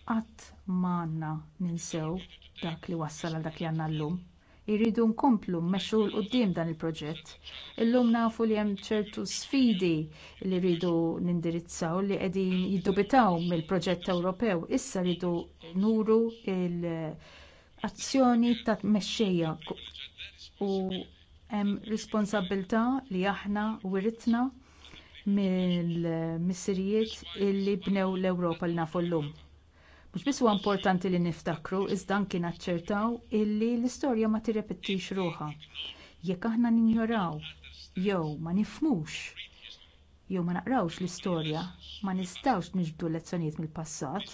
qatt m'għandna ninsew dak li wassal għal dak li għandna llum. Irridu nkomplu mmexxu l quddiem dan il-proġett. Illum nafu li hemm ċertu sfidi li rridu nindirizzaw li qegħdin jiddubitaw mill-proġett Ewropew. Issa rridu nuru l azzjoni ta' mexxejja u hemm responsabbiltà li aħna wiritna mill-missirijiet illi bnew l-Ewropa li nafu llum. Mhux biss huwa importanti li niftakru iżda anki naċċertaw illi l-istorja ma tirrepettix ruħha. Jekk aħna ninjoraw jew ma nifhmux jew ma naqrawx l-istorja ma nistgħux niġbdu lezzjonijiet mill-passat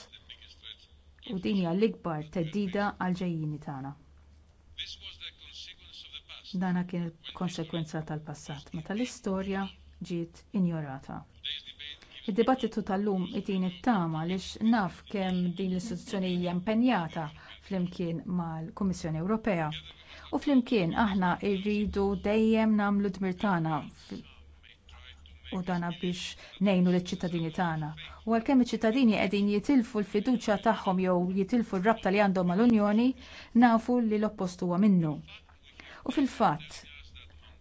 u din hija l-ikbar theddida għall ġejjini tagħna Dana kien il-konsekwenza tal-passat, meta l-istorja ġiet injorata. Id-dibattitu tal-lum itini t-tama lix naf kemm din l-istituzzjoni hija impenjata flimkien mal-Kummissjoni Ewropea. U flimkien aħna rridu dejjem nagħmlu dmir tagħna u dana biex nejnu liċ ċittadini tagħna. U għalkemm iċ-ċittadini qegħdin jitilfu l-fiduċja tagħhom jew jitilfu r-rabta li għandhom mal-Unjoni, nafu li l-oppost huwa minnu. U fil-fatt,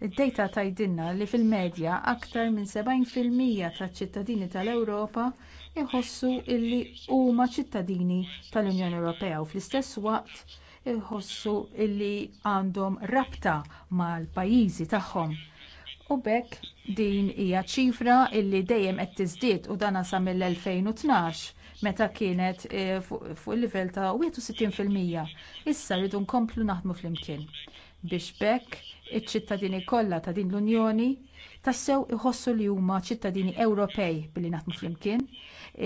id-dejta tgħidilna li fil-medja aktar minn 70% taċ-ċittadini tal-Ewropa iħossu li huma ċittadini tal-Unjoni Ewropea u fl-istess waqt iħossu li għandhom rabta mal-pajjiżi tagħhom. U b'hekk din hija ċifra li dejjem qed tiżdied u dan sa mill-2012 meta kienet eh, fuq il-livell ta' 61%. Issa rridu nkomplu naħdmu flimkien biex b'hekk iċ-ċittadini kollha ta' din l-Unjoni tassew iħossu li huma ċittadini Ewropej billi naħdmu flimkien,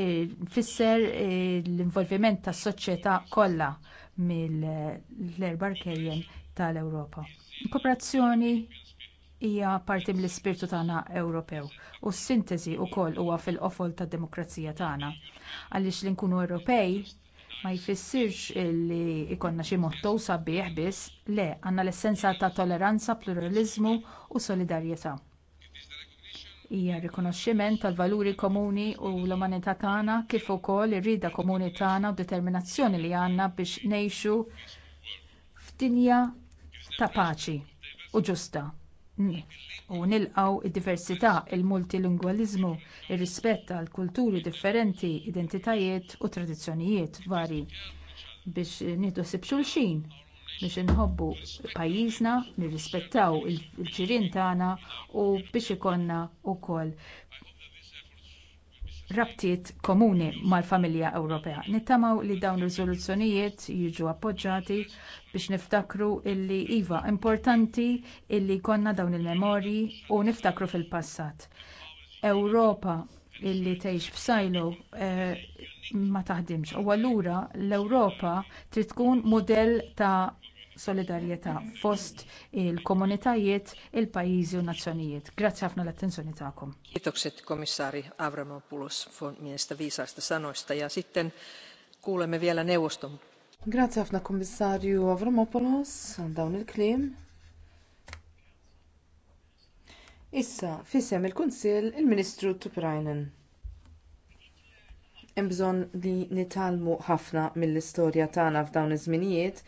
eh, fisser eh, l-involviment tas-soċjetà kollha mill-erba' kejjen tal-Ewropa. Kooperazzjoni hija parti mill-ispirtu tagħna Ewropew u s-sintesi wkoll huwa fil-qofol tad-demokrazija tagħna. Għaliex li nkunu Ewropej ma jfissirx li jkollna xi mottow sabiħ biss, le għandna l-essenza ta' tolleranza, pluraliżmu u solidarjetà. Hija rikonoxximent tal-valuri komuni u l-umanità tagħna kif ukoll ir rida komuni tagħna u determinazzjoni li għandna biex ngħixu f'dinja ta' paċi u ġusta u nilqgħu id-diversità, il-multilingwaliżmu, ir-rispett għal kulturi differenti, identitajiet u tradizzjonijiet varji biex nieħdu sib xulxin biex inħobbu pajjiżna, nirrispettaw il-ġirien tagħna u biex ikollna wkoll rabtiet komuni mal-familja Ewropea. Nittamaw li dawn riżoluzzjonijiet jiġu appoġġjati biex niftakru illi iva importanti illi jkollna dawn il-memorji u niftakru fil-passat. Ewropa illi tgħix f'sajlu eh, ma taħdimx. U allura l-Ewropa trid tkun mudell ta' solidarjetà fost il-komunitajiet, il-pajjiżi u n-nazzjonijiet. Grazzi ħafna l-attenzjoni tagħkom. Kiitokset komissaari Avramopoulos niistä viisaista sanoista ja sitten kuulemme vielä neuvoston. Grazzi ħafna Kummissarju Avramopoulos għal dawn il-kliem. Issa fissem il-Kunsill il-Ministru Tuprajnen. Hemm bżonn li nitalmu ħafna mill-istorja tagħna f'dawn iż-żminijiet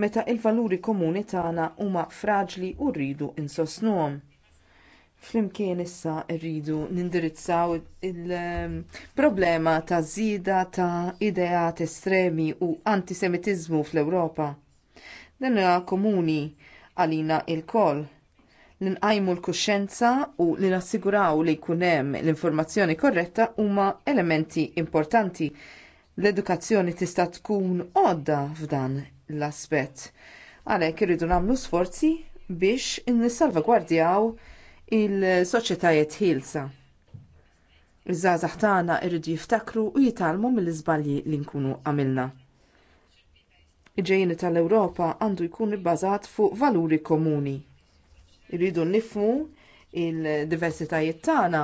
meta l valuri komuni tagħna huma fraġli u rridu insostnuhom. Flimkien issa rridu nindirizzaw il-problema ta' żieda ta' ideat estremi u antisemitiżmu fl-Ewropa. Dan huwa komuni għalina lkoll li nqajmu l-kuxjenza u li nassiguraw li jkun hemm l-informazzjoni korretta huma elementi importanti. L-edukazzjoni tista' tkun għodda f'dan l-aspett. Għalhekk irridu nagħmlu sforzi biex nissalvagwardjaw il-soċjetajiet ħielsa. Iż-żgħażagħ tagħna jridu jiftakru u jitalmu mill-iżbalji li nkunu għamilna. Iġejjeni tal-Ewropa għandu jkun ibbażat fuq valuri komuni. Irridu nifmu il-diversitajiet tagħna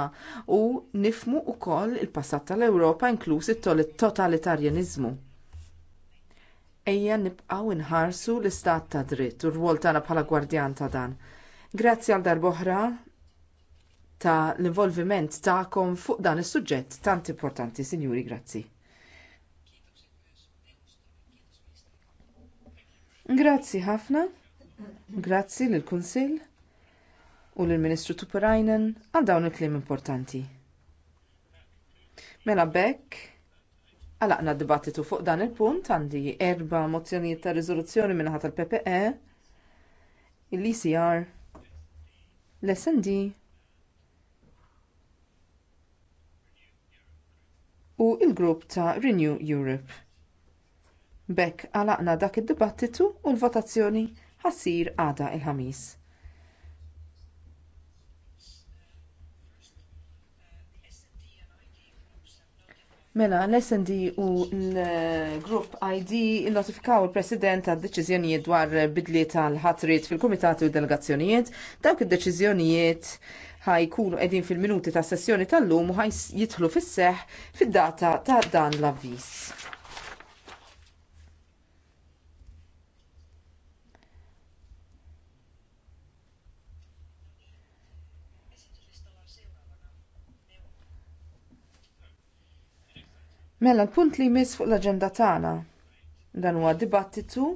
u nifmu wkoll il-passat tal-Ewropa inkluż it-totalitarjaniżmu ejja nibqgħu nħarsu l-istat ta' dritt u r-rwol tagħna bħala gwardjan ta' dan. Grazzi għal darb'oħra ta' l-involviment tagħkom fuq dan is-suġġett tant importanti, Sinjuri, grazzi. Grazzi ħafna, grazzi lill kunsill u lill ministru Tupurajnen għal dawn il-klim importanti. Mela bekk, Għalaqna dibattitu fuq dan il-punt għandi erba mozzjonijiet ta' riżoluzzjoni minnaħa tal-PPE, l-ECR, l-SND u l grupp ta' Renew Europe. B'hekk għalaqna dak id-dibattitu u l-votazzjoni ħassir għada il-ħamis. Mela, l-SND u l-Grupp ID notifikaw il-President għad deċiżjonijiet dwar bidli tal-ħatrit fil-Kumitati u Delegazzjonijiet. Dawk id-deċiżjonijiet ħajkunu edin fil-minuti ta' sessjoni tal-lum u ħaj jitħlu fis-seħ fid-data ta' dan l avvis Mela l-punt li jmiss fuq l-aġenda tagħna dan huwa dibattitu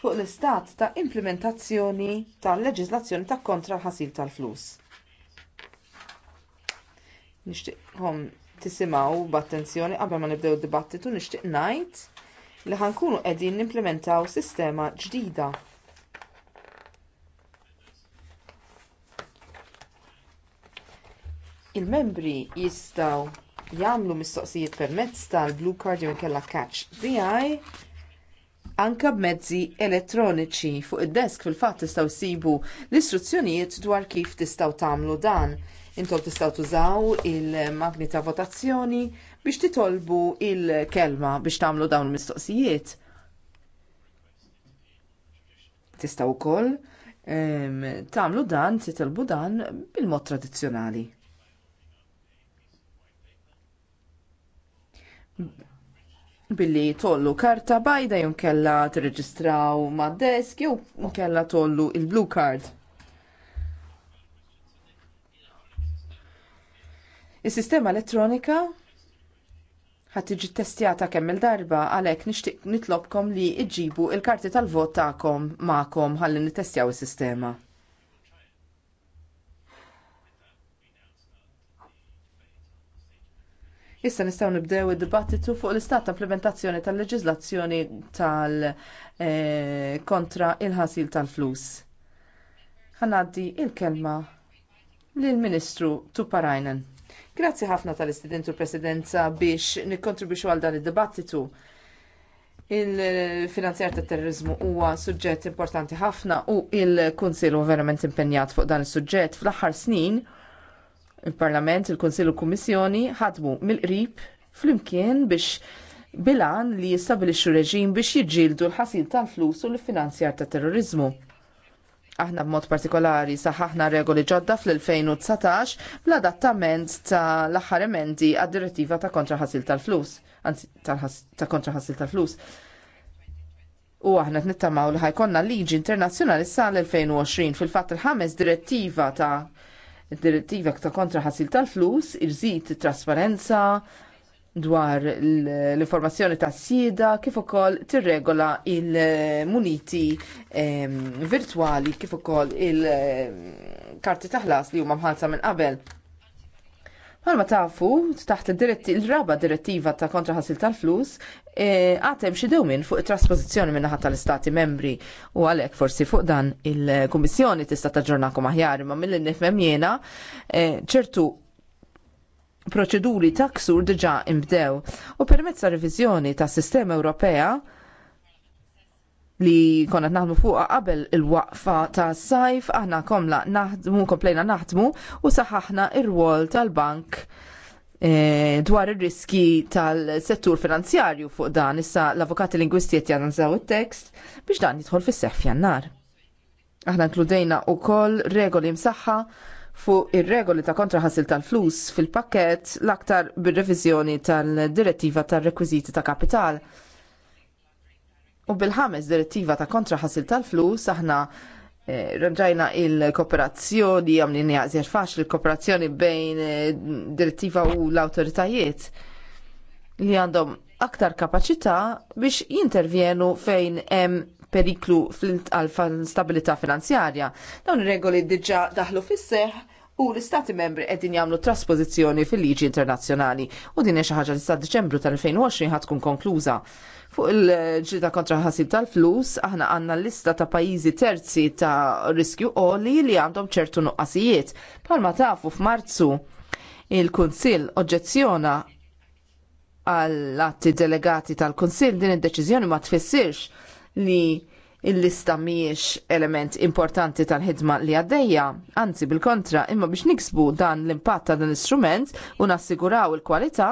fuq l-istat ta' implementazzjoni tal-leġiżlazzjoni ta' kontra l-ħasil tal-flus. Nixtieqhom tisimgħu b'attenzjoni qabel ma nibdew id-dibattitu nixtieq ngħid li ħankunu qegħdin nimplementaw sistema ġdida. Il-membri jistgħu jagħmlu mistoqsijiet permezz tal-blue card jew inkella catch DI anke b'mezzi elettroniċi fuq id-desk fil-fatt tistgħu jsibu l-istruzzjonijiet dwar kif tistgħu tagħmlu dan. Intom tistgħu tużaw il-magni ta' votazzjoni biex titolbu l kelma biex tagħmlu dawn il-mistoqsijiet. Tistgħu wkoll ehm, tagħmlu dan, titolbu dan bil-mod tradizzjonali. billi tollu karta bajda jew kella tirreġistraw mad desk jew kella tollu il-blue card. Is-sistema elettronika ħadd tiġi ttestjata kemm il-darba għalhekk nixtieq nitlobkom li iġġibu l karti tal-vot tagħkom magħkom ħalli nittestjaw is-sistema. Issa nistgħu nibdew id-dibattitu fuq l-istat ta' implementazzjoni tal-leġiżlazzjoni tal- eh, kontra il-ħasil tal-flus. Ħanaddi il-kelma lill-Ministru Tuparajnen. Grazzi ħafna tal-Istidentu Presidenza biex nikkontribwixxu għal dan id-dibattitu. Il-finanzjar tat terrorizmu huwa suġġett importanti ħafna u il u verament impenjat fuq dan is-suġġett fl-aħħar snin Il-Parlament, il-Konsil u Kummissjoni ħadmu mill-qrib flimkien biex bilan li jistabilixxu reġim biex jiġġieldu l-ħasil tal-flus u l-finanzjar ta' terrorizmu. Aħna b'mod partikolari saħħaħna regoli ġodda fl-2019 bl-adattament ta' l-aħħar emendi għad-direttiva ta' kontra ħasil tal-flus, anzi ta' kontra ħasil tal-flus. U aħna t-nittamaw li ħajkonna liġi internazzjonali sal-2020 fil-fat il-ħames direttiva ta' Id-direttiva ta' kontra ħasil tal-flus irżid trasparenza dwar l-informazzjoni ta' sieda kif ukoll tirregola il-muniti ehm, virtwali kif ukoll il-karti ehm, taħlas li huma mħalsa minn qabel Ma tafu, taħt il-raba direttiva ta' kontra ħasil tal-flus, e, għatem xi dewmin fuq trasposizjoni minna ħatta tal-Istati membri u għalhekk forsi fuq dan il-Kummissjoni tista' taġġornakom aħjar ma mill nifhem jena, e, ċertu proċeduri ta' ksur diġa' imbdew u permezz revizjoni riviżjoni ta' sistema Ewropea li konna naħdmu fuqa qabel il-waqfa ta' sajf, aħna komla naħdmu, komplejna naħdmu u saħħaħna ir-rwol tal-bank e, dwar ir-riski tal-settur finanzjarju fuq dan issa l-avukati lingwistiet janżaw it-tekst biex dan jidħol fis-seħf jannar. Aħna inkludejna wkoll regoli msaħħa fuq ir-regoli ta' kontraħasil tal-flus fil-pakket l-aktar bir-reviżjoni tal-direttiva tar rekwiżiti ta' kapital. U bil-ħames direttiva ta' kontra ħasil tal-flus aħna eh, raġajna il-kooperazzjoni, għamlin jaqżir faċ il-kooperazzjoni bejn eh, direttiva u l-autoritajiet li għandhom aktar kapacità biex jintervjenu fejn hemm periklu fl-stabilità finanzjarja. Dawn ir regoli diġà daħlu fis-seħħ u l-Istati membri qegħdin jagħmlu trasposizzjoni fil-liġi internazzjonali u din xi ħaġa li sa Deċembru tal-2020 ħad tkun konkluża. Fuq il-ġilda kontra ħasib tal-flus, aħna għandna lista ta' pajjiżi terzi ta' riskju oli li għandhom ċertu nuqqasijiet. Palma tafu f'Marzu il-Kunsill oġġezzjona għall-atti delegati tal-Kunsill din id-deċiżjoni ma tfissirx li il-lista mhijiex element importanti tal-ħidma li għaddejja, anzi bil-kontra, imma biex niksbu dan l-impatt ta' dan l-istrument u nassiguraw il-kwalità,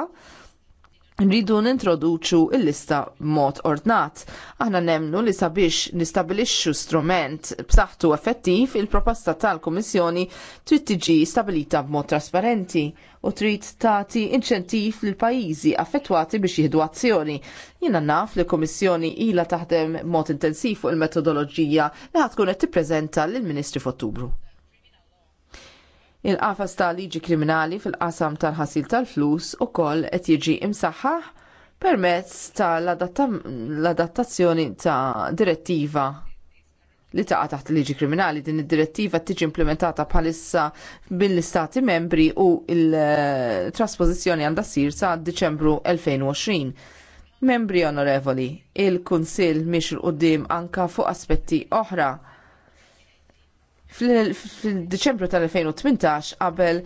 Nridu nintroduċu il-lista mod ordnat. Aħna nemnu li sabiex nistabilixxu strument b'saħħtu effettiv il-proposta tal-Kummissjoni trid tiġi stabilita b'mod trasparenti u trid tagħti inċentiv lil pajjiżi affettwati biex jieħdu azzjoni. Jiena naf li l-Kummissjoni ilha taħdem mod intensiv fuq il-metodoloġija li ħadd tkun qed tippreżenta lill-Ministri f'Ottubru. Il-qafas ta' liġi kriminali fil-qasam tal-ħasil tal-flus ukoll qed jiġi imsaħħaħ permezz tal-adattazzjoni ta' direttiva li taqa' taħt liġi kriminali din id-direttiva tiġi implementata bħalissa mill-istati membri u il-traspożizzjoni għandha ssir sa' Diċembru 2020. Membri onorevoli, il-Kunsill miex il quddiem anka fuq aspetti oħra fil-Deċembru tal-2018 qabel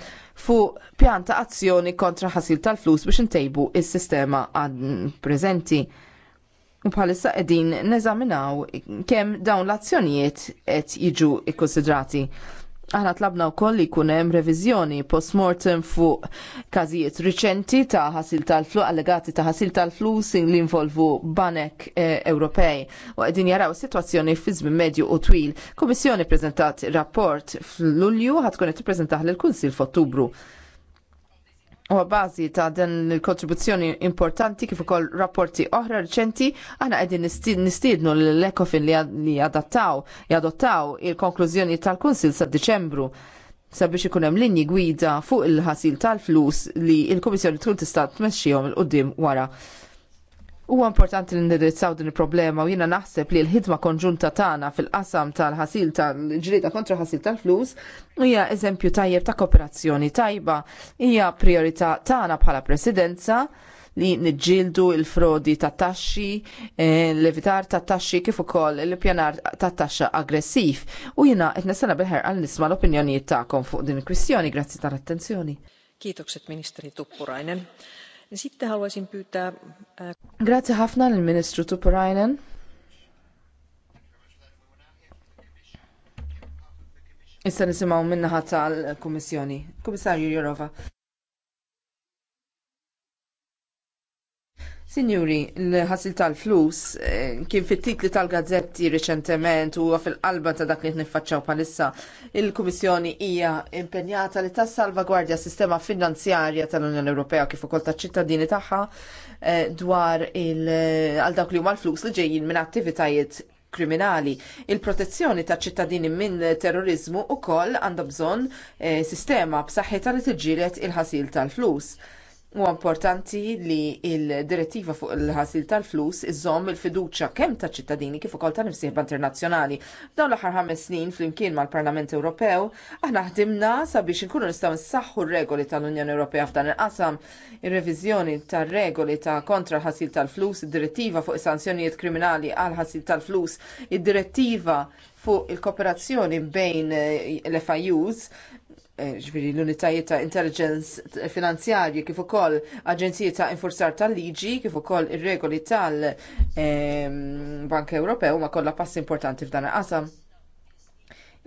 fuq pjanta azzjoni kontra ħasil tal-flus biex intejbu s sistema preżenti. U bħalissa qegħdin neżaminaw kemm dawn l-azzjonijiet qed jiġu ikkonsidrati. Aħna tlabna wkoll li jkun hemm reviżjoni post-mortem fuq każijiet riċenti ta' ħasil tal-flus, allegati ta' ħasil tal-flus li involvu banek eh, Ewropej. U qegħdin jaraw is-sitwazzjoni fi żmien medju u twil. Kummissjoni ppreżentat rapport fl-Lulju ħadd tkun qed tippreżentaħ lill kunsil f'Ottubru. U bażi ta' dan il-kontribuzzjoni importanti kif ukoll rapporti oħra reċenti, aħna qegħdin nistiednu l-Ekofin li adattaw, jadottaw il-konklużjoni tal-Kunsil sa' Diċembru sabiex ikun hemm linji gwida fuq il-ħasil tal-flus li l-Kummissjoni tkun tista' tmexxihom il-qudiem wara Huwa importanti li nirrizzaw din il-problema u jiena naħseb li l-ħidma konġunta tagħna fil-qasam tal-ħasil tal-ġrida kontra ħasil tal-flus hija eżempju tajjeb ta' kooperazzjoni tajba hija priorità tagħna bħala presidenza li nġildu il-frodi ta' taxxi, eh, l-evitar ta' taxxi kif ukoll l-pjanar ta' taxxa aggressiv. U jina qed nisena bil għal nisma l-opinjonijiet tagħkom fuq din il-kwistjoni. Grazzi tal-attenzjoni. Kiitokset Ministri Tuppurajnen. Äh, Grazie ħafna il ministru Tupurainen. Issa nisimaw naħa tal-Kummissjoni. Kummissarju Jurova. Sinjuri, l-ħasil tal-flus eh, kien fit-titli tal-gazzetti riċentement u fil-qalba ta' dak li nifacċaw palissa. Il-Kummissjoni hija impenjata li tas-salvagwardja sistema finanzjarja tal-Unjoni Ewropea kif ukoll taċ-ċittadini tagħha eh, dwar għal dawk li huma l-flus li ġejjin minn attivitajiet kriminali. Il-protezzjoni ta' ċittadini minn terrorizmu ukoll għandha bżonn eh, sistema b'saħħitha li tiġġieled il-ħasil tal-flus. Huwa importanti li l direttiva fuq il-ħasil tal-flus iżomm il-fiduċja kemm taċ ċittadini kif ukoll tan nifsieħba internazzjonali. Dawn l-aħħar ħames snin flimkien mal-Parlament Ewropew, aħna ħdimna sabiex inkunu nistgħu nsaħħu r-regoli tal-Unjoni Ewropea f'dan il-qasam, ir-reviżjoni tar-regoli ta' kontra ħasil tal-flus, id-direttiva fuq is-sanzjonijiet kriminali għal ħasil tal-flus, id-direttiva fuq il-kooperazzjoni bejn l-FIUs Eh, ġviri l-unitajiet ta' intelligence finanzjarji kif ukoll aġenziji ta' infurzar tal-liġi kif ukoll ir-regoli tal-Bank ehm, Ewropew ma kollha pass importanti f'dan il-qasam.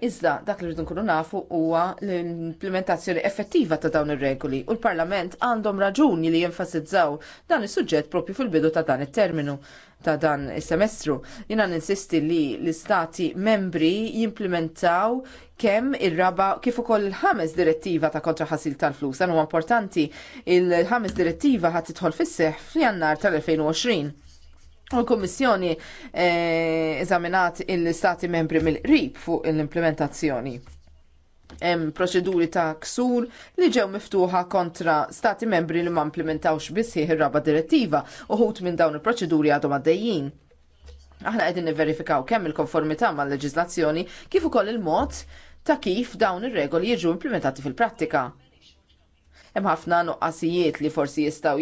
Iżda dak li rridu nkunu nafu huwa l-implementazzjoni effettiva ta' dawn ir-regoli u l-Parlament għandhom raġuni li jenfasizzaw dan is-suġġett propju fil-bidu ta' dan it-terminu ta' dan is-semestru. Jiena ninsisti li l-istati membri jimplementaw kemm ir-raba kif ukoll il-ħames direttiva ta' kontra ħasil tal-flus. Dan huwa importanti il-ħames direttiva ħadd tidħol fis-seħħ f'Jannar tal-2020. U l-Kommissjoni eh, eżaminat il-Stati membri mill-qrib fuq l-implementazzjoni hemm proċeduri ta' ksur li ġew miftuħa kontra stati membri li ma implementawx bisħieħ ir-raba direttiva uħut minn dawn il-proċeduri għadhom għaddejjin. Aħna qegħdin niverifikaw kemm il-konformità mal-leġiżlazzjoni kif ukoll il-mod ta' kif dawn ir-regoli jiġu implementati fil-prattika hemm ħafna nuqqasijiet li forsi jistgħu